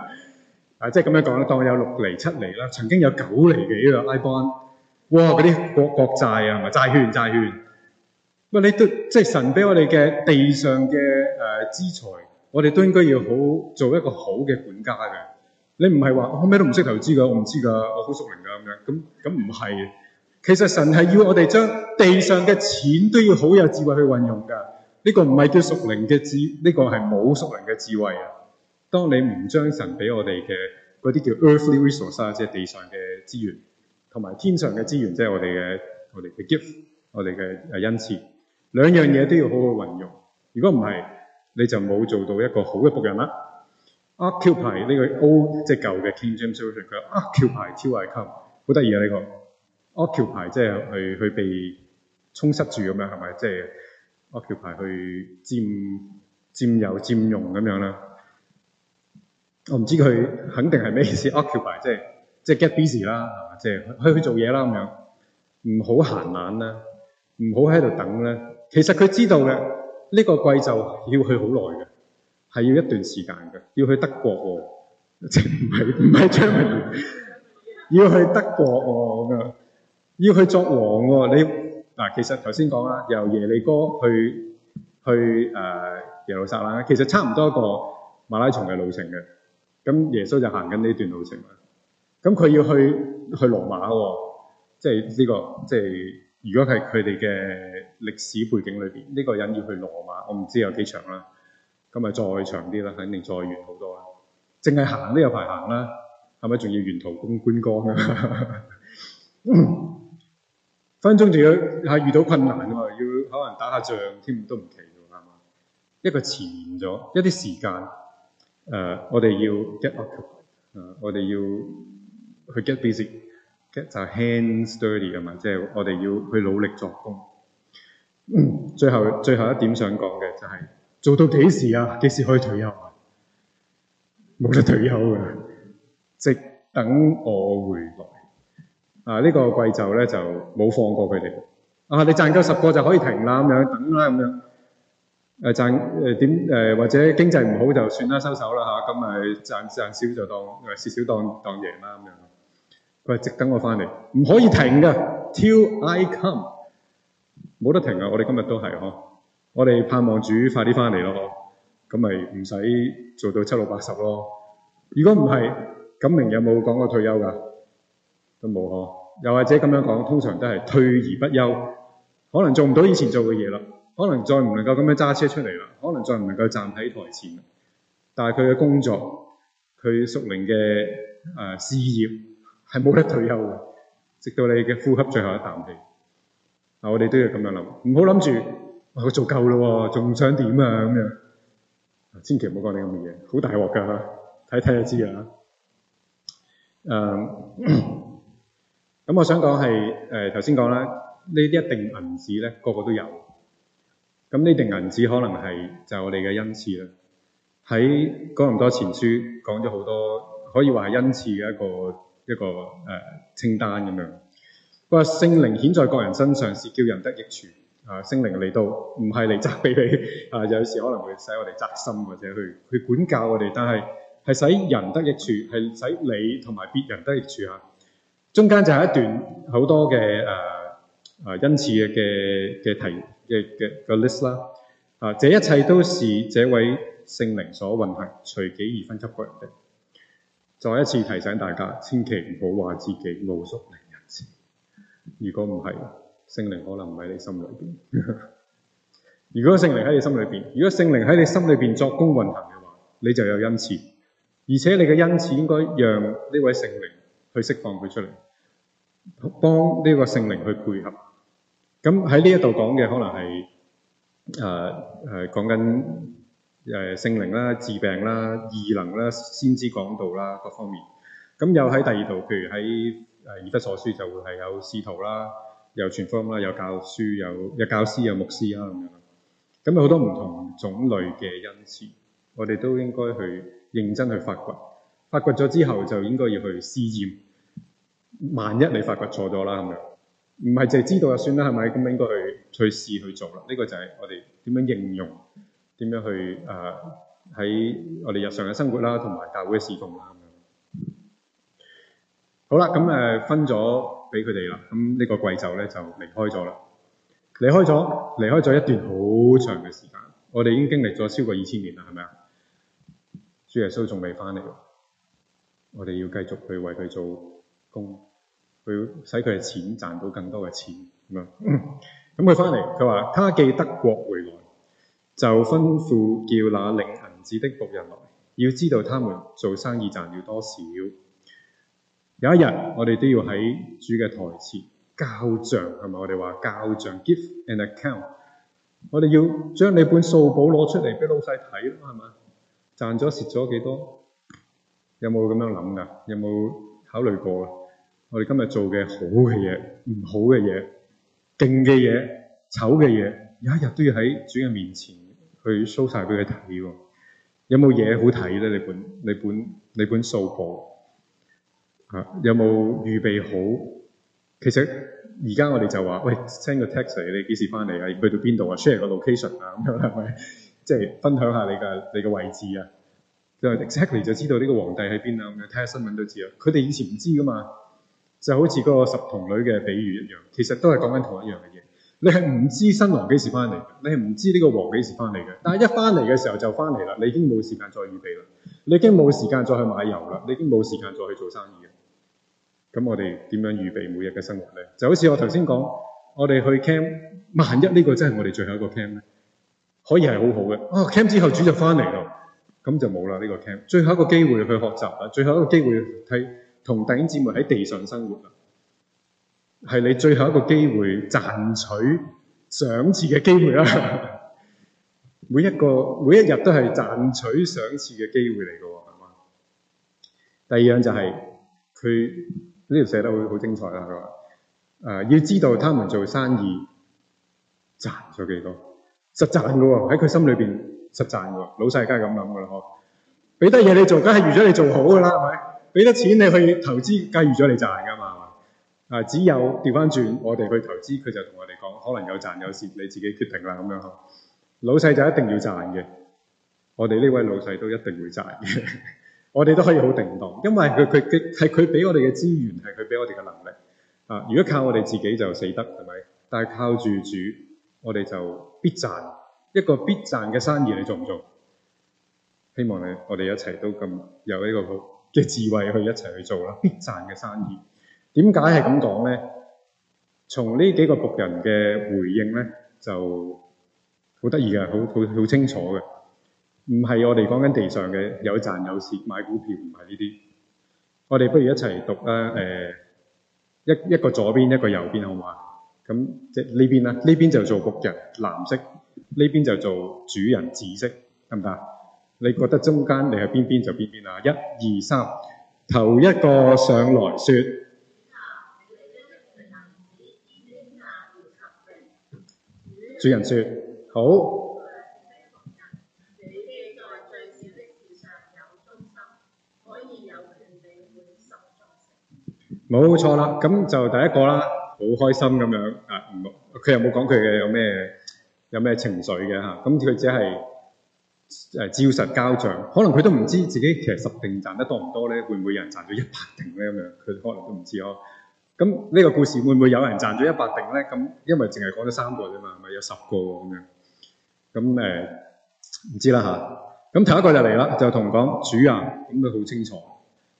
啊！即係咁樣講啦，當有六厘、七厘啦，曾經有九厘嘅呢個 iban。I、and, 哇！嗰啲國國債啊，同埋債券、債券。唔，你都即係神俾我哋嘅地上嘅誒資財，我哋都應該要好做一個好嘅管家嘅。你唔係話我咩都唔識投資㗎，我唔知噶，我好屬靈㗎咁樣，咁咁唔係。其實神係要我哋將地上嘅錢都要好有智慧去運用噶，呢、這個唔係叫屬靈嘅智，呢、這個係冇屬靈嘅智慧啊。當你唔將神俾我哋嘅嗰啲叫 earthly resources 啊，即係地上嘅資源，同埋天上嘅資源，即係我哋嘅我哋嘅 gift，我哋嘅誒恩賜。兩樣嘢都要好好運用，如果唔係你就冇做到一個好嘅僕人啦。occupy 呢個 O 即係舊嘅 King James Version，佢 occupy till I come 好得意啊！呢、這個 occupy 即係去去被充塞住咁樣，係咪？即係 occupy 去佔佔有佔用咁樣啦。我唔知佢肯定係咩意思，occupy 即係即係 get busy 啦，即係去去做嘢啦咁樣，唔好閒懶啦，唔好喺度等咧。其實佢知道嘅呢、這個季就要去好耐嘅，係要一段時間嘅。要去德國喎，即唔係唔係 Germany 要去德國喎咁樣，要去作王喎。你嗱、啊，其實頭先講啦，由耶利哥去去誒、呃、耶路撒冷，其實差唔多一個馬拉松嘅路程嘅。咁耶穌就行緊呢段路程啦。咁佢要去去羅馬喎、哦，即係呢、這個即係。如果係佢哋嘅歷史背景裏邊，呢、這個人要去羅馬，我唔知有幾長啦。咁咪再長啲啦，肯定再遠好多啦。淨係行都有排行啦，係咪仲要沿途觀觀光啊？ 分分鐘仲要係遇到困難嘛？嗯、要可能打下仗添，都唔奇喎，係嘛？一個遲延咗一啲時間，誒、呃，我哋要 get up，誒、呃，我哋要去 get busy。嘅就 hands dirty 啊嘛，即係我哋要去努力作工。嗯，最後最後一點想講嘅就係、是、做到幾時啊？幾時可以退休啊？冇得退休噶，直等我回來。啊、這個、呢個季就咧就冇放過佢哋。啊你賺夠十個就可以停啦，咁樣等啦，咁樣誒賺誒點誒或者經濟唔好就算啦，收手啦吓，咁咪賺賺少就當誒少少當當贏啦咁樣。唔直等我翻嚟，唔可以停嘅。Till I come，冇得停啊！我哋今日都係呵，我哋盼望主快啲翻嚟咯。咁咪唔使做到七老八十咯。如果唔係，咁明有冇講過退休㗎？都冇嗬、啊。又或者咁樣講，通常都係退而不休，可能做唔到以前做嘅嘢啦，可能再唔能夠咁樣揸車出嚟啦，可能再唔能夠站喺台前。但係佢嘅工作，佢宿命嘅誒事業。係冇得退休嘅，直到你嘅呼吸最後一啖氣。哦、啊，我哋都要咁樣諗，唔好諗住我做夠咯，仲想點啊？咁樣千祈唔好講你咁嘅嘢，好大鑊噶吓！睇睇就知啊。誒， 咁我想講係誒，頭先講啦，呢啲一錠銀子咧，個個都有。咁呢錠銀子可能係就係、我哋嘅恩賜啦。喺《哥林多前書》講咗好多，可以話係恩賜嘅一個。一個誒、呃、清單咁樣，佢話聖靈顯在各人身上，是叫人得益處。啊，聖靈嚟到，唔係嚟責備你。啊，有時可能會使我哋責心或者去去管教我哋，但係係使人得益處，係使你同埋別人得益處啊。中間就係一段好多嘅誒誒恩賜嘅嘅提嘅嘅嘅 list 啦。啊，這一切都是這位聖靈所運行，隨己而分給各人的。再一次提醒大家，千祈唔好話自己冇屬靈恩賜。如果唔係，聖靈可能唔喺你心裏邊。 如果聖靈喺你心裏邊，如果聖靈喺你心裏邊作工運行嘅話，你就有恩賜。而且你嘅恩賜應該讓呢位聖靈去釋放佢出嚟，幫呢個聖靈去配合。咁喺呢一度講嘅可能係誒誒，講緊。誒聖、呃、靈啦、治病啦、異能啦、先知講道啦，各方面。咁又喺第二度，譬如喺誒、呃《以弗所書》就會係有使徒啦，有傳方啦，有教書，有有教師，有牧師啦咁樣。咁有好多唔同種類嘅恩賜，我哋都應該去認真去發掘。發掘咗之後，就應該要去試驗。萬一你發掘錯咗啦，咁樣唔係淨係知道就算啦，係咪？咁應該去去試去做啦。呢、這個就係我哋點樣應用。點樣去誒喺、呃、我哋日常嘅生活啦，同埋教會嘅事奉啦咁樣。好啦，咁誒分咗俾佢哋啦。咁呢個貴胄咧就離開咗啦，離開咗，離開咗一段好長嘅時間。我哋已經經歷咗超過二千年啦，係咪啊？主耶穌仲未翻嚟，我哋要繼續去為佢做工，去使佢嘅錢賺到更多嘅錢咁樣。咁佢翻嚟，佢 話：他既得國回來。就吩咐叫那領銀子的僕人來，要知道他們做生意賺了多少。有一日，我哋都要喺主嘅台前交賬，係咪？我哋話交賬，give an account。我哋要將你本數簿攞出嚟俾老細睇咯，係嘛？賺咗蝕咗幾多？有冇咁樣諗噶，有冇考慮過啊？我哋今日做嘅好嘅嘢、唔好嘅嘢、勁嘅嘢、醜嘅嘢，有一日都要喺主嘅面前。去 show 晒俾佢睇喎，有冇嘢好睇咧？你本你本你本數簿啊？有冇預備好？其實而家我哋就話喂，send 個 text 你幾時翻嚟啊？去到邊度啊？share 個 location 啊？咁樣係咪，即係分享下你嘅你嘅位置啊？就 exactly 就知道呢個皇帝喺邊啊？咁樣睇下新聞都知啊。佢哋以前唔知噶嘛，就好似個十童女嘅比喻一樣，其實都係講緊同一樣嘅嘢。你係唔知新郎幾時翻嚟，你係唔知呢個王幾時翻嚟嘅。但係一翻嚟嘅時候就翻嚟啦，你已經冇時間再預備啦，你已經冇時間再去買油啦，你已經冇時間再去做生意嘅。咁我哋點樣預備每日嘅生活咧？就好似我頭先講，我哋去 camp，萬一呢個真係我哋最後一個 camp 咧，可以係好好嘅。哦、啊、camp 之後主就翻嚟啦，咁就冇啦呢個 camp，最後一個機會去學習啦，最後一個機會睇，同弟兄姊妹喺地上生活啦。係你最後一個機會賺取賞賜嘅機會啦。 每一個每一日都係賺取賞賜嘅機會嚟噶。第二樣就係佢呢條寫得好好精彩啦。誒、呃，要知道他們做生意賺咗幾多？實賺噶喎，喺佢心裏邊實賺噶喎。老細梗係咁諗噶啦，嗬？俾得嘢你做，梗係預咗你做好噶啦，係咪？俾得錢你去投資，梗係預咗你賺噶嘛？啊！只有掉返轉，我哋去投資，佢就同我哋講，可能有賺有蝕，你自己決定啦咁樣。老細就一定要賺嘅，我哋呢位老細都一定會賺嘅， 我哋都可以好定當，因為佢佢佢係佢俾我哋嘅資源，係佢俾我哋嘅能力啊！如果靠我哋自己就死得，係咪？但係靠住主，我哋就必賺，一個必賺嘅生意，你做唔做？希望你我哋一齊都咁有呢個嘅智慧去一齊去做啦！必賺嘅生意。點解係咁講咧？從呢幾個僕人嘅回應咧，就好得意嘅，好好好清楚嘅。唔係我哋講緊地上嘅有賺有蝕買股票，唔係呢啲。我哋不如一齊讀啦。誒、呃，一一個左邊一個右邊好唔好啊？咁即係呢邊啦。呢邊就做僕人，藍色；呢邊就做主人，紫色，得唔得啊？你覺得中間你係邊邊就邊邊啦。一、二、三，頭一個上來説。主人説：好，冇錯啦。咁就第一個啦，好開心咁樣啊！佢又冇講佢嘅有咩有咩情緒嘅嚇？咁、啊、佢只係誒照實交賬，可能佢都唔知自己其實十定賺得多唔多咧，會唔會有人賺咗一百定咧咁樣？佢可能都唔知呵。咁呢個故事會唔會有人賺咗一百定咧？咁因為淨係講咗三個啫嘛，咪有十個咁樣咁誒唔知啦吓、啊，咁、嗯、第一個就嚟啦，就同講主啊，咁佢好清楚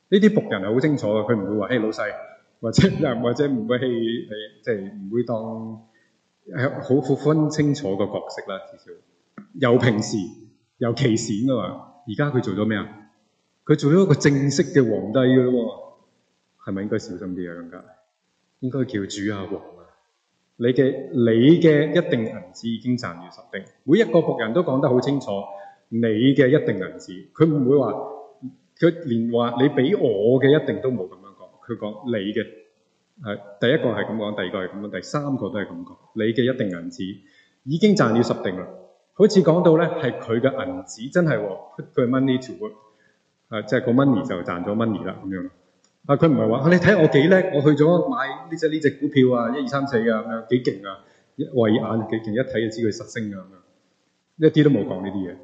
呢啲僕人係好清楚嘅，佢唔會話誒老細或者人或者唔會係誒即係唔會當係好分清楚個角色啦。至少由平時有歧視啊嘛，而家佢做咗咩啊？佢做咗一個正式嘅皇帝嘅咯喎，係咪應該小心啲啊？咁解。應該叫主啊王啊！你嘅你嘅一定銀子已經賺了十定。每一個僕人都講得好清楚，你嘅一定銀子，佢唔會話，佢連話你俾我嘅一定都冇咁樣講。佢講你嘅係、啊、第一個係咁講，第二個係咁講，第三個都係咁講。你嘅一定銀子已經賺了十定啦。好似講到咧，係佢嘅銀子真係，put money to work，係、啊、即係個 money 就賺咗 money 啦咁樣。啊！佢唔係話，你睇我幾叻，我去咗買呢隻呢隻股票啊，一二三四啊咁樣幾勁啊！一慧眼幾勁，一睇就知佢實升啊。咁樣，一啲都冇講呢啲嘢。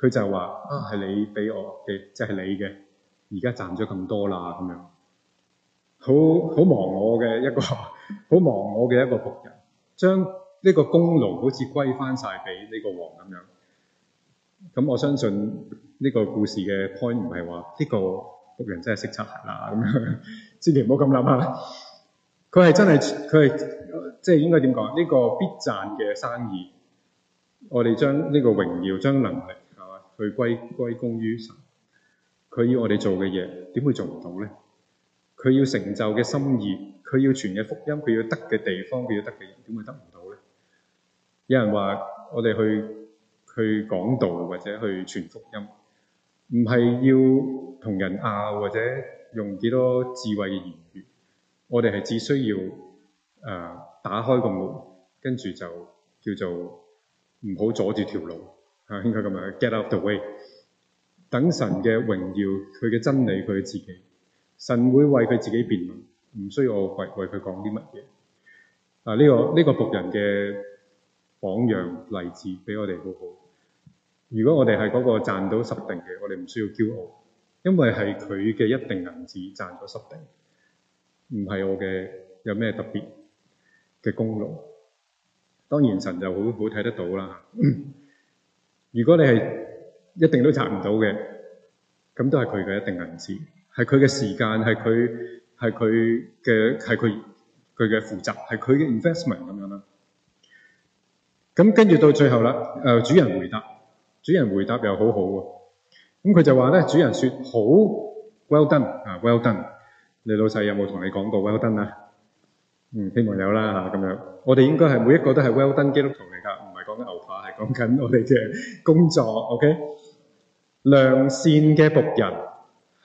佢就話啊，係你俾我嘅，即係你嘅，而家賺咗咁多啦咁樣，好好忘我嘅一個，好忘我嘅一個僕人，將呢個功勞好似歸翻晒俾呢個王咁樣。咁我相信呢個故事嘅 point 唔係話呢個。僕人真係識擦鞋啦咁樣， 千祈唔好咁諗啊！佢係真係佢係即係應該點講？呢、呢個必賺嘅生意，我哋將呢個榮耀、將能力係嘛，去歸歸功於神。佢要我哋做嘅嘢，點會做唔到咧？佢要成就嘅心意，佢要傳嘅福音，佢要得嘅地方，佢要得嘅，點會得唔到咧？有人話：我哋去去講道或者去傳福音。唔係要同人拗，或者用幾多智慧嘅言語，我哋係只需要誒、呃、打開個門，跟住就叫做唔好阻住條路。啊，應該咁樣 get out the way，等神嘅榮耀、佢嘅真理、佢嘅自己，神會為佢自己辯論，唔需要我為為佢講啲乜嘢。啊，呢個呢個僕人嘅榜樣例子俾我哋好好。如果我哋係嗰個賺到十定嘅，我哋唔需要驕傲，因為係佢嘅一定銀子賺咗十定，唔係我嘅，有咩特別嘅功勞。當然神就好好睇得到啦。 如果你係一定都賺唔到嘅，咁都係佢嘅一定銀子，係佢嘅時間，係佢係佢嘅係佢佢嘅負責，係佢嘅 investment 咁樣啦。咁跟住到最後啦，誒、呃、主人回答。主人回答又好好、啊、喎，咁佢就話咧：主人説好，well done 啊，well done。你老細有冇同你講過 well done 啊？嗯，希望有啦嚇咁樣。我哋應該係每一個都係 well done 基督徒嚟噶，唔係講緊牛扒，係講緊我哋嘅工作。OK，良善嘅僕人，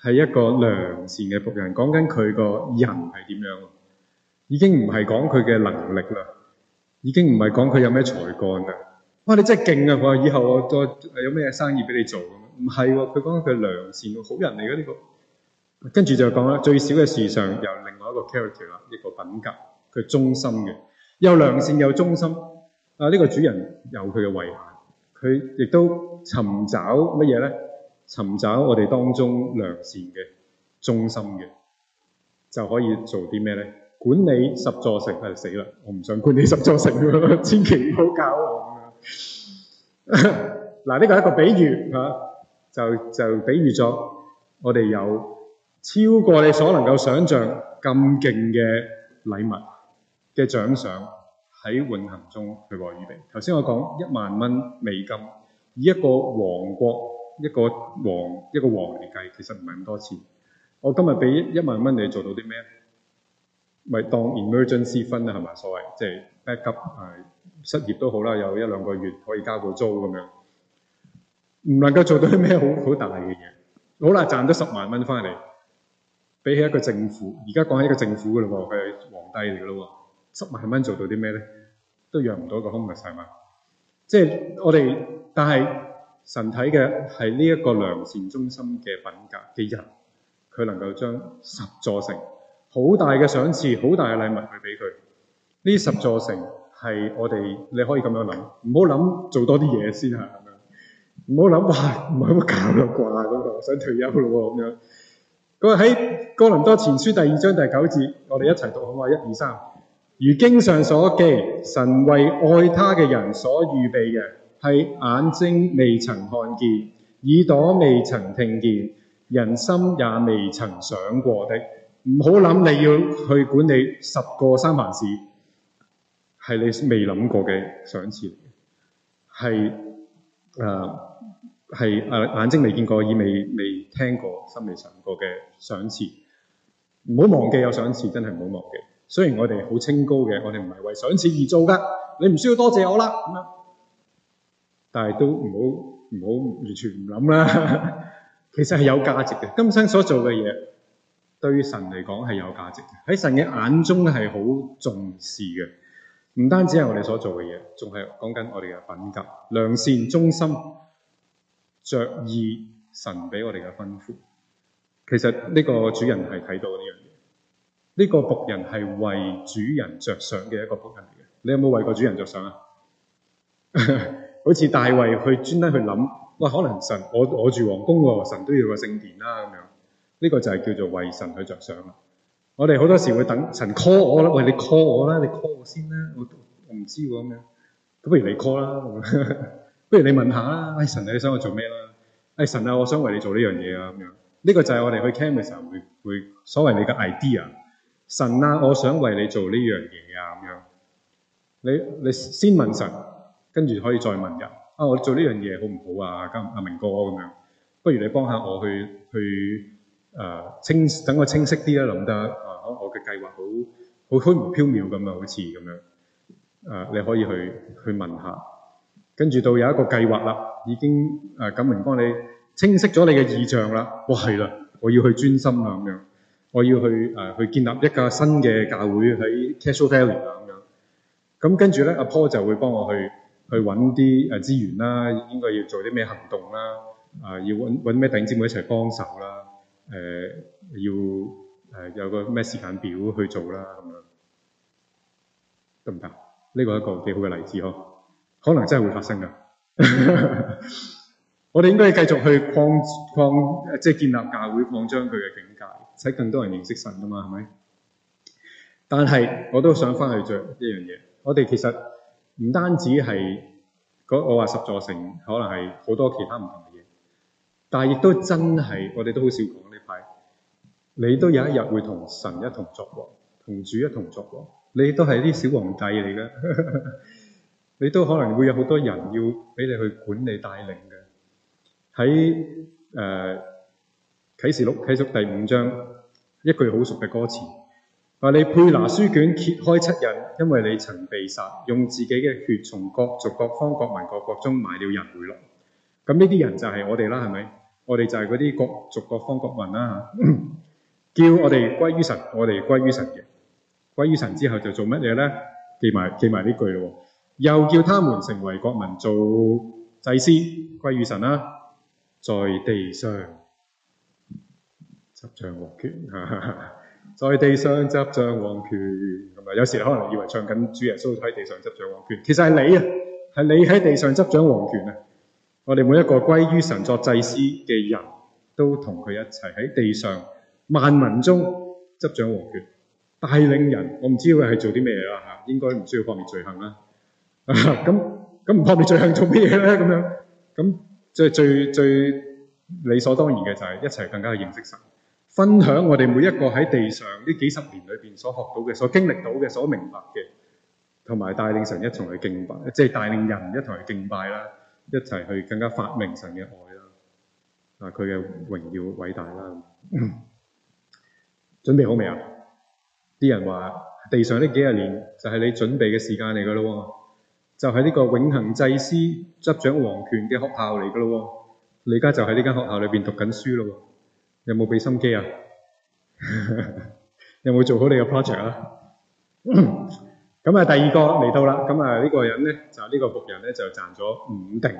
係一個良善嘅僕人，講緊佢個人係點樣，已經唔係講佢嘅能力啦，已經唔係講佢有咩才幹啦。哇！你真係勁啊！我以後我再有咩生意俾你做，唔係喎？佢講佢良善喎，好人嚟嘅呢個。跟住就講啦，最少嘅事上，由另外一個 character 啦，一個品格，佢忠心嘅，有良善又忠心。啊，呢、這個主人有佢嘅遺憾，佢亦都尋找乜嘢咧？尋找我哋當中良善嘅忠心嘅，就可以做啲咩咧？管理十座城，佢就死啦！我唔想管理十座城， 千祈唔好搞我。嗱，呢 個係一個比喻吓、啊，就就比喻咗我哋有超過你所能夠想象咁勁嘅禮物嘅獎賞喺永恒中佢話預備。頭先我講一萬蚊美金，以一個王國一個王一個王嚟計，其實唔係咁多錢。我今日俾一,一萬蚊你，做到啲咩？咪當 emergency fund 啦，係咪所謂即係 backup 係。就是 back up, 失業都好啦，有一兩個月可以交個租咁樣，唔能夠做到啲咩好好大嘅嘢。好啦，賺咗十萬蚊翻嚟，比起一個政府，而家講係一個政府噶咯，佢係皇帝嚟噶咯。十萬蚊做到啲咩咧？都養唔到一個 house 係嘛？即係我哋，但係神睇嘅係呢一個良善忠心嘅品格嘅人，佢能夠將十座城好大嘅賞賜、好大嘅禮物去俾佢呢十座城。係我哋，你可以咁樣諗，唔好諗做多啲嘢先吓，唔好諗話唔係搞到啩，咁個想退休咯咁樣。咁啊喺哥林多前書第二章第九節，我哋一齊讀好嘛？一二三，如經上所記，神為愛他嘅人所預備嘅係眼睛未曾看見，耳朵未曾聽見，人心也未曾想過的。唔好諗你要去管理十個三藩市。係你未諗過嘅賞賜，係誒係誒，眼睛未見過，耳未未聽過，心未想過嘅賞賜。唔好忘記有賞賜，真係唔好忘記。雖然我哋好清高嘅，我哋唔係為賞賜而做噶。你唔需要多謝我啦。咁樣。但係都唔好唔好完全唔諗啦。 其實係有價值嘅，今生所做嘅嘢，對於神嚟講係有價值嘅。喺神嘅眼中係好重視嘅。唔單止係我哋所做嘅嘢，仲係講緊我哋嘅品格、良善、忠心、着意神俾我哋嘅吩咐。其實呢個主人係睇到呢樣嘢，呢、呢個僕人係為主人着想嘅一個僕人嚟嘅。你有冇為過主人着想啊？好 似大衛去專登去諗，喂，可能神我我住皇宮喎，神都要個聖殿啦咁樣。呢、呢個就係叫做為神去着想啊！我哋好多時會等神 call 我啦，喂，你 call 我啦，你 call 我先啦，我我唔知喎咁樣，咁不如你 call 啦， 不如你問下啦，哎神你想我做咩啦？哎神啊，我想為你做呢樣嘢啊咁樣，呢、這個就係我哋去 c 傾嘅時候會會所謂你嘅 idea，神啊，我想為你做呢樣嘢啊咁樣，你你先問神，跟住可以再問人，啊我做呢樣嘢好唔好啊？今阿明哥咁樣，不如你幫下我去去。誒、啊、清等我清晰啲啦，諗得啊，我嘅計劃好好虛無縹緲咁啊，好似咁樣，誒、啊，你可以去去問下，跟住到有一個計劃啦，已經誒，錦明幫你清晰咗你嘅意象啦。哇，係啦，我要去專心啊咁樣，我要去誒、啊、去建立一個新嘅教會喺 Castle Hill 啊咁樣。咁跟住咧，阿 Paul 就會幫我去去揾啲誒資源啦，應該要做啲咩行動啦？啊要揾揾咩弟兄姊妹一齊幫手啦。啊誒、呃，要誒有、呃、個咩時間表去做啦，咁樣得唔得？呢個一個幾好嘅例子嗬，可能真係會發生噶。 我哋應該繼續去擴擴，即係建立教會，擴張佢嘅境界，使更多人認識神啊嘛，係咪？但係我都想翻去著一樣嘢，我哋其實唔單止係我話十座城，可能係好多其他唔同嘅嘢，但係亦都真係，我哋都好少講。你都有一日會同神一同作王，同主一同作王。你都係啲小皇帝嚟嘅， 你都可能會有好多人要俾你去管理帶領嘅。喺誒、呃、啟示錄啟叔第五章，一句好熟嘅歌詞話：你配拿書卷揭開七印，因為你曾被殺，用自己嘅血從各族、各方、各國民、各國中買了人回來。咁呢啲人就係我哋啦，係咪？我哋就係嗰啲各族、各方、各國民啦。 叫我哋歸於神，我哋歸於神嘅，歸於神之後就做乜嘢咧？記埋記埋呢句咯，又叫他們成為國民做祭司歸於神啦、啊。在地上執掌王權， 在地上執掌王權咁啊！有，有時可能以為唱緊主耶穌喺地上執掌王權，其實係你啊，係你喺地上執掌王權啊！我哋每一個歸於神作祭司嘅人都同佢一齊喺地上。萬民中執掌王權帶領人，我唔知佢係做啲咩嘢啦吓，應該唔需要方面罪行啦。咁咁唔方面罪行做咩嘢咧？咁樣咁即係最最，最理所當然嘅就係一齊更加去認識神，分享我哋每一個喺地上呢幾十年裏邊所學到嘅、所經歷到嘅、所明白嘅，同埋帶領神一同去敬拜，即係帶領人一同去敬拜啦，一齊去更加發明神嘅愛啦，啊佢嘅榮耀偉大啦。 準備好未啊？啲人話地上呢幾廿年就係你準備嘅時間嚟噶咯，就係、是、呢個永恒祭司執掌王權嘅學校嚟噶咯。你而家就喺呢間學校裏邊讀緊書咯，有冇俾心機啊？ 有冇做好你個 project 啊？咁啊、 嗯，第二個嚟到啦。咁啊，呢個人咧，就是、個人呢個僕人咧就賺咗五定。咁、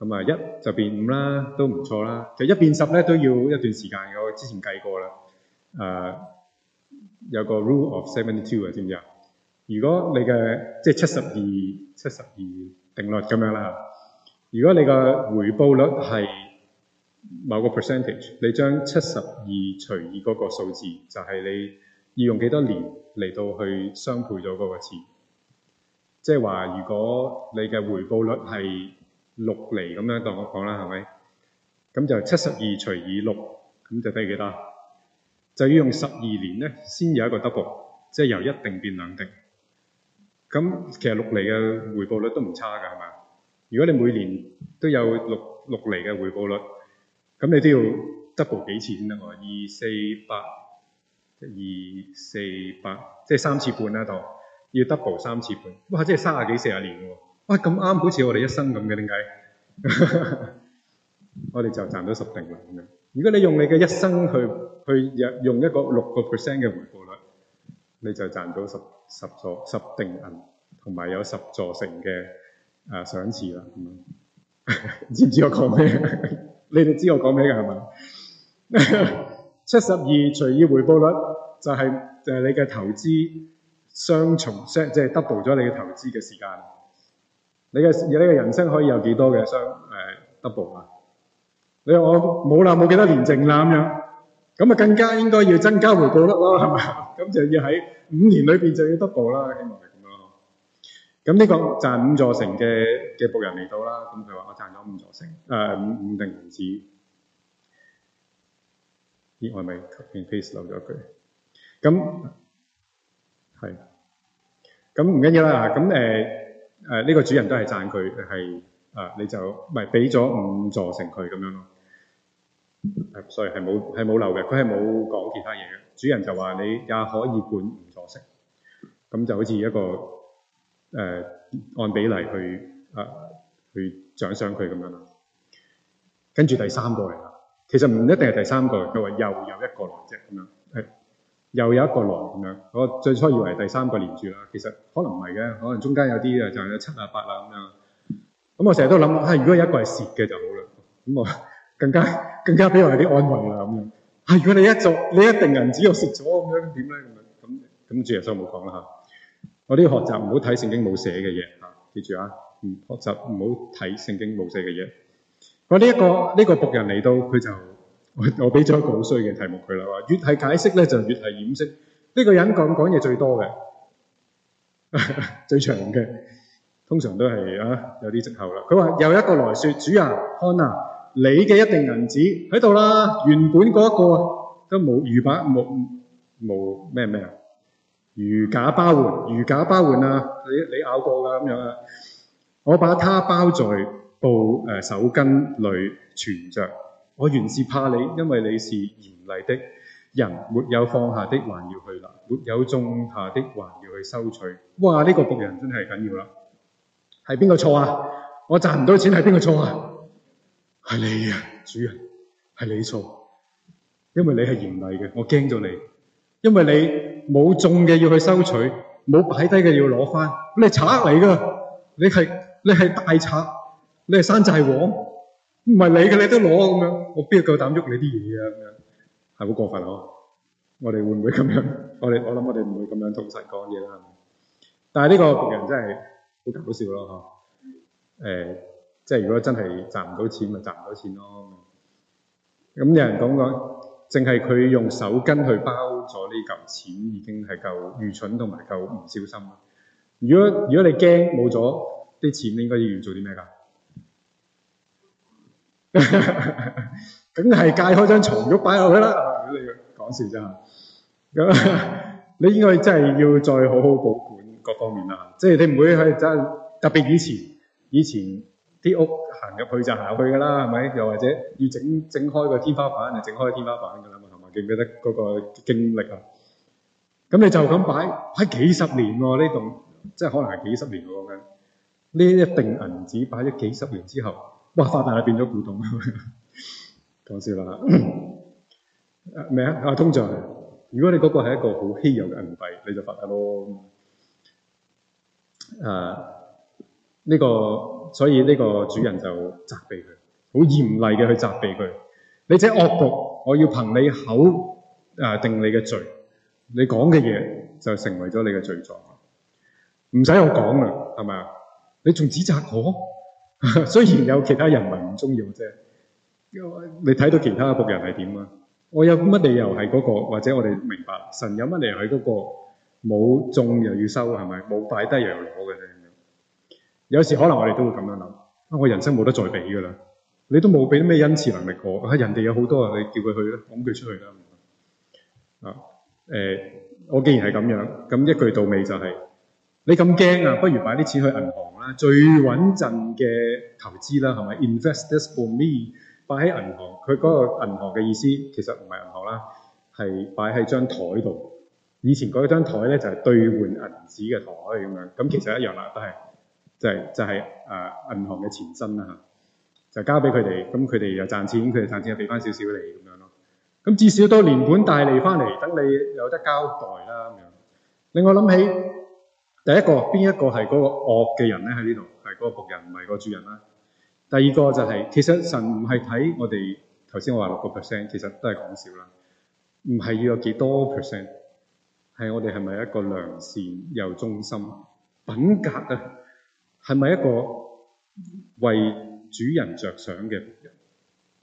嗯、啊，一就變五啦，都唔錯啦。就一變十咧都要一段時間嘅，我之前計過啦。誒、uh，有個 rule of seventy two 啊，知唔知啊？如果你嘅，即係七十二七十二定律咁樣啦，如果你嘅回報率係某個 percentage，你將七十二除以嗰個數字，就係、是、你要用幾多年嚟到去雙倍咗嗰個錢。即係話如果你嘅回報率係六厘咁樣，當我講啦，係咪？咁就七十二除以六，咁就得幾多？就要用十二年咧，先有一個 double，即係由一定變兩定。咁其實六厘嘅回報率都唔差嘅，係嘛？如果你每年都有六六厘嘅回報率，咁你都要 double 幾次先得喎？二四八，二四八，即係三次半啦、啊，度要 double 三次半。哇！即係三十幾四十年喎。哇！咁啱好似我哋一生咁嘅，點解？ 我哋就賺咗十定喎。如果你用你嘅一生去，去用用一個六個 percent 嘅回報率，你就賺到十十座十定銀，同埋有十座城嘅誒賞賜啦。咁、呃嗯，知唔 知我講咩？你哋知我講咩嘅係咪？嗯、 七十二除以回報率就係、是、就係、是、你嘅投資雙重即係 double 咗你嘅投資嘅時間。你嘅你嘅人生可以有幾多嘅雙誒 double 啊？你話我冇啦，冇幾多年剩啦咁樣。咁啊，更加應該要增加回報率咯，係嘛？咁就要喺五年裏邊就要得個啦，希望係咁樣咯。咁呢個賺五座城嘅嘅僕人嚟到啦，咁佢話我賺咗五座城，誒五五定唔止，咦，我咪 quickly paste 漏咗一句。咁係，咁唔緊要啦。咁誒誒呢個主人都係讚佢係啊，你就咪俾咗五座城佢咁樣咯。係，所以係冇係冇漏嘅，佢係冇講其他嘢嘅。主人就話，你也可以管五座城，咁就好似一個誒、呃，按比例去誒、呃、去獎賞佢咁樣啦。跟住第三個嚟啦，其實唔一定係第三個，佢話又有一個嚟啫，咁樣係又有一個嚟咁樣。我最初以為第三個連住啦，其實可能唔係嘅，可能中間有啲啊，就係七啊八啊咁樣。咁我成日都諗，吓、啊、如果有一個係蝕嘅就好啦，咁我更加。更加俾我啲安慰啦咁樣。啊，如果你一做你一定銀子又蝕咗咁樣點咧咁樣？咁咁主耶穌冇講啦嚇。我哋要學習唔好睇聖經冇寫嘅嘢嚇，記住啊，唔、嗯、學習唔好睇聖經冇寫嘅嘢。我呢一個呢、這個這個僕人嚟到，佢就我我俾咗一個好衰嘅題目佢啦，話越係解釋咧就越係掩飾。呢、這個人講講嘢最多嘅，最長嘅，通常都係啊有啲藉口啦。佢話又有一個來説，主啊，看哪。你嘅一定銀紙喺度啦，原本嗰一個都冇如把冇冇咩咩啊？如假包換，如假包換啊！你你咬過噶咁樣啊！我把它包在部誒手巾裏存着。我原是怕你，因為你是嚴厲的人，沒有放下的還要去拿，沒有種下的還要去收取。哇！呢、這個僕人真係緊要啦。係邊個錯啊？我賺唔到錢係邊個錯啊？係你啊，主人，係你錯，因為你係嚴厲嘅，我驚咗你，因為你冇種嘅要去收取，冇擺低嘅要攞翻，你係賊嚟噶你係你係大賊，你係山寨王，唔係你嘅你都攞咁、啊、樣，我邊有夠膽喐你啲嘢啊，咁樣，係好過分咯。我哋會唔會咁樣？我哋我諗我哋唔會咁樣，同神講嘢啦。但係呢個僕人真係好搞笑咯，嗬、呃？誒。即係如果真係賺唔到錢，咪賺唔到錢咯。咁、嗯、有人講講，淨係佢用手巾去包咗呢嚿錢，已經係夠愚蠢同埋夠唔小心。如果如果你驚冇咗啲錢，你應該要做啲咩㗎？梗 係戒開張牀褥擺落去啦。你講笑啫。咁你應該真係要再好好保管各方面啦。即係你唔會係真特別以前以前。啲屋行入去就行去㗎啦，係咪？又或者要整整開個天花板，就整開天花板㗎啦嘛？同埋記唔記得嗰個經歷啊？咁你就咁擺擺幾十年喎呢棟，即係可能係幾十年喎咁呢一定銀紙擺咗幾十年之後，哇！發達啦，變咗古董。講笑啦，咩 啊，啊？通常如果你嗰個係一個好稀有嘅銀幣，你就發達咯。誒、啊，呢、呢個。所以呢個主人就責備佢，好嚴厲嘅去責備佢。你這惡僕，我要憑你口啊定你嘅罪。你講嘅嘢就成為咗你嘅罪狀，唔使我講啊，係咪啊？你仲指責我？ 雖然有其他人民唔中意我啫，你睇到其他僕人係點啊？我有乜理由係嗰個？或者我哋明白神有乜理由係嗰個？冇種又要收係咪？冇擺低又要攞嘅啫？有時可能我哋都會咁樣諗，啊，我人生冇得再俾噶啦，你都冇俾啲咩恩賜能力過。嚇人哋有好多啊，你叫佢去啦，捧佢出去啦。啊，誒、欸，我既然係咁樣，咁一句到尾就係、是、你咁驚啊，不如擺啲錢去銀行啦，最穩陣嘅投資啦，係咪 Invest this for me，擺喺銀行，佢嗰個銀行嘅意思其實唔係銀行啦，係擺喺張台度。以前嗰張台咧就係兌換銀紙嘅台咁樣，咁其實一樣啦，都係。就係、是、就係、是、誒、啊、銀行嘅前身啦嚇、啊，就交俾佢哋，咁佢哋又賺錢，佢哋賺錢又俾翻少少你咁樣咯。咁至少都連本帶利翻嚟，等你有得交代啦咁樣。令我諗起第一個邊一個係嗰個惡嘅人咧？喺呢度係嗰個僕人，唔係個主人啦。第二個就係、是、其實神唔係睇我哋頭先我話六個 percent，其實都係講笑啦。唔係要有幾多 percent，係我哋係咪一個良善又忠心品格啊？係咪一個為主人着想嘅僕人？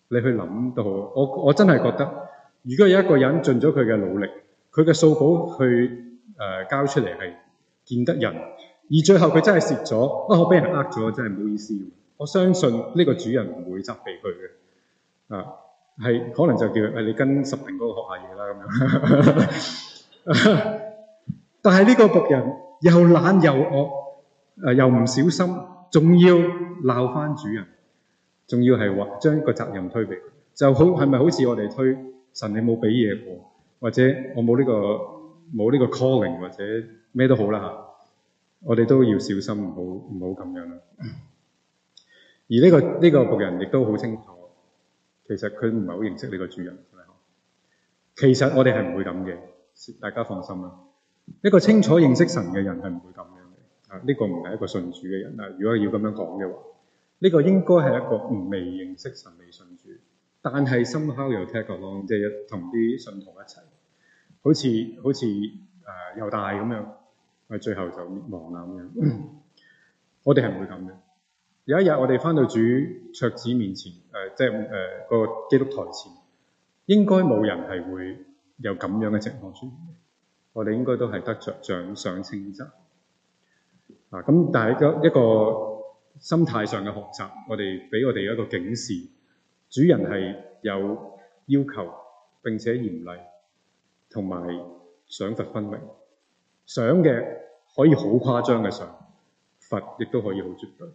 你去諗到我，我真係覺得，如果有一個人盡咗佢嘅努力，佢嘅數簿去誒、呃、交出嚟係見得人，而最後佢真係蝕咗，啊，俾人呃咗，真係唔好意思。我相信呢個主人唔會責備佢嘅，啊，係可能就叫誒、啊、你跟十平嗰、啊、 個學下嘢啦咁樣。但係呢個僕人又懶又惡。誒又唔小心，仲要鬧翻主人，仲要係話將個責任推俾，就好係咪好似我哋推神你？你冇俾嘢過或者我冇呢個冇呢個 calling，或者咩都好啦吓，我哋都要小心，唔好唔好咁樣啦。而呢個呢個僕人亦都好清楚，其實佢唔係好認識你個主人㗎。係咪呵？其實我哋係唔會咁嘅，大家放心啦。一個清楚認識神嘅人係唔會咁嘅。呢個唔係一個信主嘅人啊！如果要咁樣講嘅話，呢、這個應該係一個唔未認識神未信主，但係深刻又聽過講，即係同啲信徒一齊，好似好似誒、呃、又大咁樣，啊最後就滅亡啦咁樣。我哋係唔會咁嘅。有一日我哋返到主桌子面前，誒、呃、即係誒個基督台前，應該冇人係會有咁樣嘅情況出現。我哋應該都係得着掌上稱讚。啊！咁但係一個心態上嘅學習，我哋俾我哋一個警示。主人係有要求並且嚴厲，同埋想罰分明。想嘅可以好誇張嘅想罰亦都可以好絕對。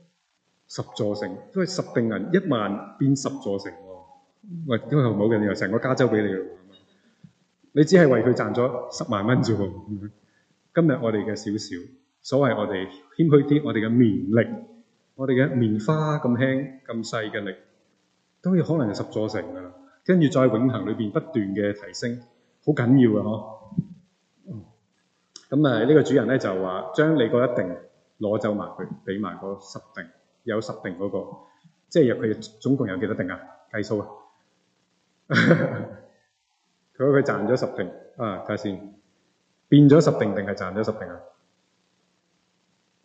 十座城都係十定銀一萬變十座城喎，啊，喂！因好冇你又成個加州俾你喎，你只係為佢賺咗十萬蚊啫喎。今日我哋嘅少少。所謂我哋謙虛啲，我哋嘅棉力，我哋嘅棉花咁輕咁細嘅力，都有可能係十座城㗎！跟住再永恆裏邊不斷嘅提升，好緊要嘅呵。咁、哦、啊，呢個主人咧就話將你嗰一錠攞走埋佢，俾埋嗰十錠，有十錠嗰、那個，即係佢總共有幾多錠啊？計數 啊！佢話佢賺咗十錠啊！睇下先，變咗十錠定係賺咗十錠啊！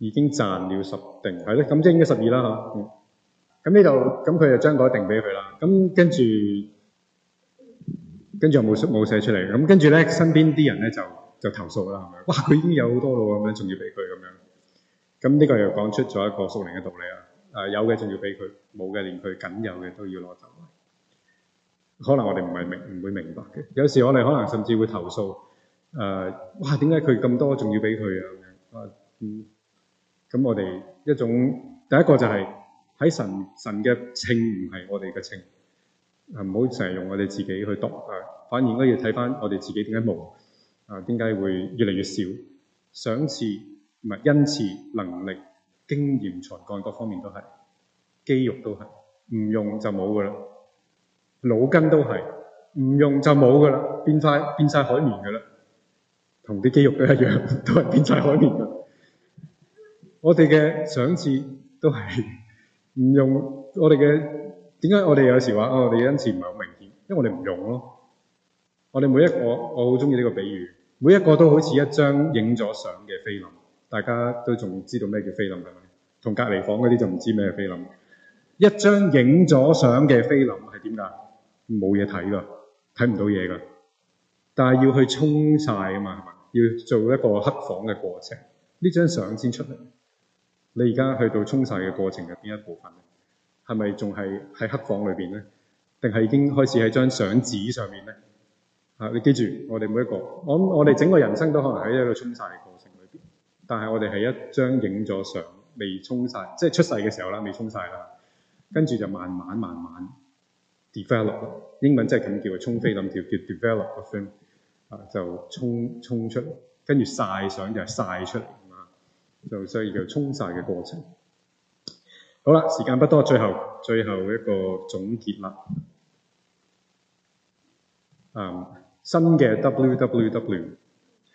已經賺了十定，係咯，咁即係應該十二啦吓，咁呢度咁佢就將嗰一定俾佢啦。咁跟住，跟住又冇冇寫出嚟。咁跟住咧，身邊啲人咧就就投訴啦，係咪？哇！佢已經有好多啦，咁樣仲要俾佢咁樣。咁呢個又講出咗一個屬靈嘅道理啊！誒，有嘅仲要俾佢，冇嘅連佢僅有嘅都要攞走。可能我哋唔係明唔會明白嘅。有時我哋可能甚至會投訴誒、呃，哇！點解佢咁多仲要俾佢啊？咁樣啊，嗯。咁我哋一種第一個就係喺神神嘅稱唔係我哋嘅稱，唔好成日用我哋自己去度、啊，反而應該要睇翻我哋自己點解冇，啊？點解會越嚟越少賞賜，唔係恩賜，能力、經驗、才幹各方面都係肌肉都係，唔用就冇噶啦，腦筋都係，唔用就冇噶啦，變曬變晒海綿噶啦，同啲肌肉都一樣，都係變晒海綿噶。 我哋嘅賞賜都係唔用我哋嘅點解？我哋有時話哦，我哋恩賜唔係好明顯，因為我哋唔用咯。我哋每一個我好中意呢個比喻，每一個都好似一張影咗相嘅菲林。大家都仲知道咩叫菲林係咪？同隔離房嗰啲就唔知咩菲林。一張影咗相嘅菲林係點㗎？冇嘢睇㗎，睇唔到嘢㗎，但係要去沖晒㗎嘛，係嘛？要做一個黑房嘅過程，呢張相先出嚟。你而家去到沖晒嘅過程係邊一部分咧？係咪仲係喺黑房裏邊咧？定係已經開始喺張相紙上面咧？啊！你記住，我哋每一個，我諗我哋整個人生都可能喺一度沖晒嘅過程裏邊。但係我哋係一張影咗相未沖晒，即係出世嘅時候啦，未沖晒啦。跟住就慢慢慢慢 develop，英文真係咁叫嘅，沖菲林叫 develop a film。啊，就沖沖出，跟住晒相就係晒出嚟。就所以就沖晒嘅過程。好啦，時間不多，最後最後一個總結啦。嗯、um，新嘅 www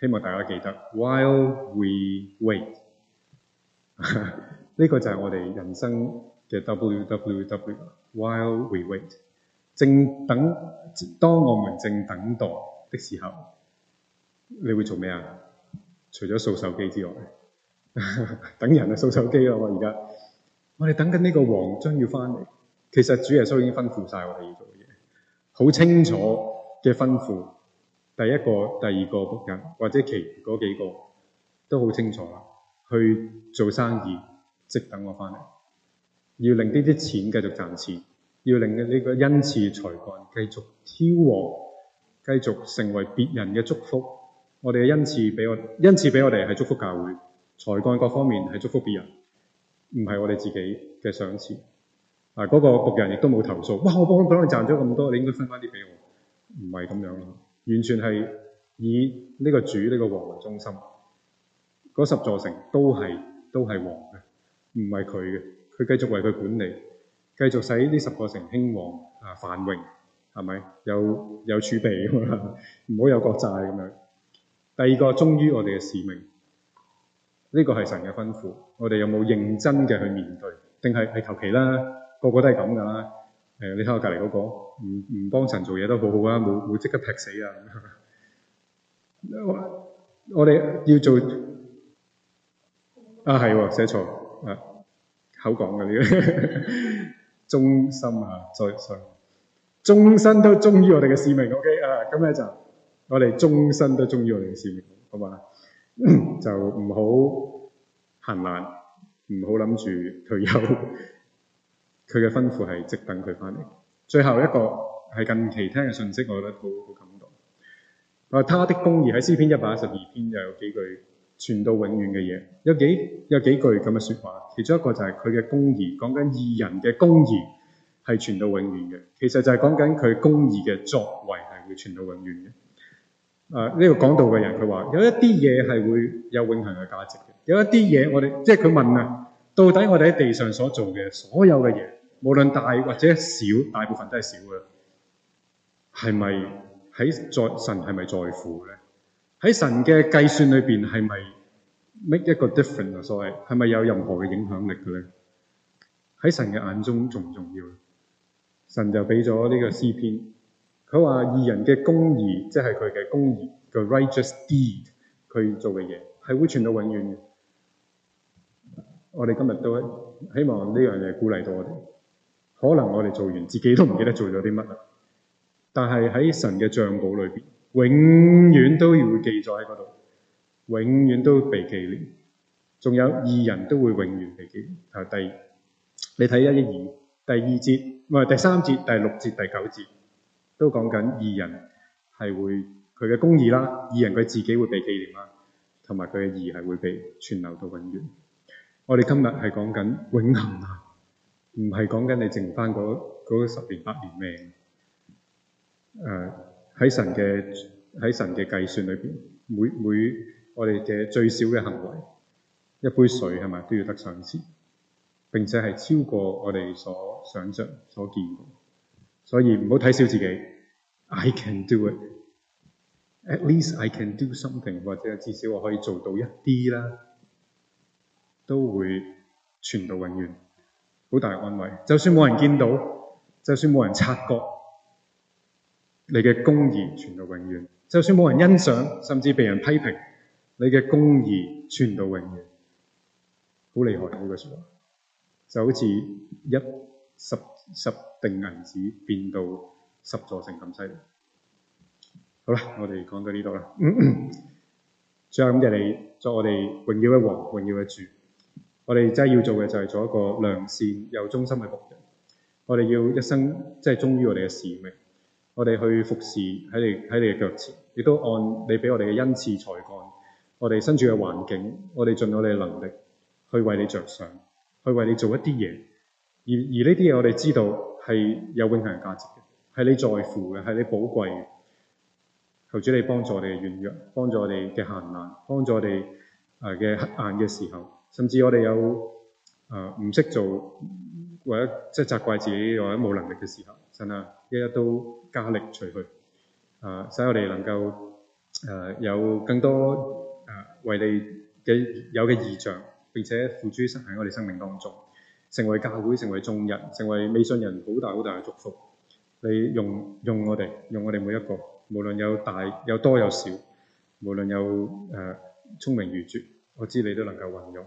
希望大家記得。While we wait，呢 個就係我哋人生嘅 www。While we wait，正等，當我們正等待的時候，你會做咩啊？除咗掃手機之外。 等人啊，掃手機咯。而家我哋等緊呢個王將要翻嚟。其實主耶穌已經吩咐晒我哋要做嘅嘢，好清楚嘅吩咐。第一個、第二個僕人或者其餘嗰幾個都好清楚啦，去做生意，即等我翻嚟，要令呢啲錢繼續賺錢，要令呢個恩賜才幹繼續挑旺，繼續成為別人嘅祝福。我哋嘅恩賜俾我恩賜俾我哋係祝福教會。才幹各方面係祝福別人，唔係我哋自己嘅賞賜。嗱、啊，嗰、那個僕人亦都冇投訴。哇！我幫咗你賺咗咁多，你應該分翻啲俾我。唔係咁樣咯，完全係以呢個主、呢、這個王為中心。嗰十座城都係都係王嘅，唔係佢嘅。佢繼續為佢管理，繼續使呢十個城興旺啊、繁榮，係咪？有有儲備啊嘛，唔 好有國債咁樣。第二個忠於我哋嘅使命。呢個係神嘅吩咐，我哋有冇認真嘅去面對？定係係求其啦，個個都係咁噶啦。誒、呃，你睇我隔籬嗰個，唔唔幫神做嘢都好好啊，冇冇即刻劈死啊！ 我我哋要做啊，係喎、啊，寫錯啊，口講嘅呢個， 忠心啊，再再，終身都忠於我哋嘅使命。OK 啊，咁咧就我哋終身都忠於我哋嘅使命，好嘛？ 就唔好行懶，唔好諗住退休。佢 嘅吩咐係即等佢翻嚟。最後一個係近期聽嘅信息，我覺得好好感動。啊，他的公義喺詩篇一百一十二篇就有幾句傳到永遠嘅嘢，有幾有幾句咁嘅說話。其中一個就係佢嘅公義，講緊義人嘅公義係傳到永遠嘅。其實就係講緊佢公義嘅作為係會傳到永遠嘅。誒，呢、啊這個講道嘅人佢話，有一啲嘢，係會有永恒嘅價值嘅，有一啲嘢我哋即係佢問啊，到底我哋喺地上所做嘅所有嘅嘢，無論大或者小，大部分都係少噶啦，係咪喺在神係咪在乎咧？喺神嘅計算裏邊係咪 make 一個 difference 啊？所謂係咪有任何嘅影響力嘅咧？喺神嘅眼中重唔重要咧？神就俾咗呢個詩篇。佢話二人嘅公義，即係佢嘅公義，佢 righteous deed，佢做嘅嘢係會傳到永遠嘅。我哋今日都希望呢樣嘢鼓勵到我哋。可能我哋做完自己都唔記得做咗啲乜，但係喺神嘅帳簿裏邊，永遠都要記載喺嗰度，永遠都被記念。仲有二人，都會永遠被記念。睇第二，你睇一一二第二節，唔、哎、係第三節，第六節、第九節。都講緊義人係會佢嘅公義啦，義人佢自己會被紀念啦，同埋佢嘅義係會被存留到永遠。我哋今日係講緊永恆啊，唔係講緊你剩翻嗰個十年八年命。誒、呃，喺神嘅喺神嘅計算裏邊，每每我哋嘅最少嘅行為，一杯水係咪都要得上次？並且係超過我哋所想像所見。所以唔好睇小自己，I can do it，at least I can do something，或者至少我可以做到一啲啦，都會存到永遠，好大安慰。就算冇人見到，就算冇人察覺，你嘅公義存到永遠；就算冇人欣賞，甚至被人批評，你嘅公義存到永遠，好厲害！呢句説話就好似一十，十錠銀子變到十座城咁犀利，好啦，我哋講到呢度啦。主啊，感謝你作我哋榮耀嘅王，榮耀嘅主。我哋真係要做嘅就係做一個良善又忠心嘅僕人。我哋要一生即係、就是、忠於我哋嘅使命。我哋去服侍喺你，喺你嘅腳前，亦都按你俾我哋嘅恩賜才幹。我哋身處嘅環境，我哋盡我哋嘅能力去為你着想，去為你做一啲嘢。而而呢啲嘢我哋知道係有永恆價值嘅，係你在乎嘅，係你寶貴嘅。求主你幫助我哋嘅軟弱，幫助我哋嘅困難，幫助我哋誒嘅黑暗嘅時候，甚至我哋有誒唔識做或者即係責怪自己或者冇能力嘅時候，神啊，一一都加力除去，誒、呃，使我哋能夠誒、呃、有更多誒、呃、為你嘅有嘅意象，並且付諸生喺我哋生命當中。成為教會，成為眾人，成為未信人，好大好大嘅祝福。你用用我哋，用我哋每一個，無論有大有多有少，無論有誒、呃、聰明愚拙，我知你都能夠運用。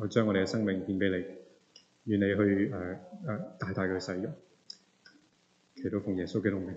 我將我哋嘅生命獻俾你，願你去誒誒、呃呃、大大嘅使用。祈禱奉耶穌基督名。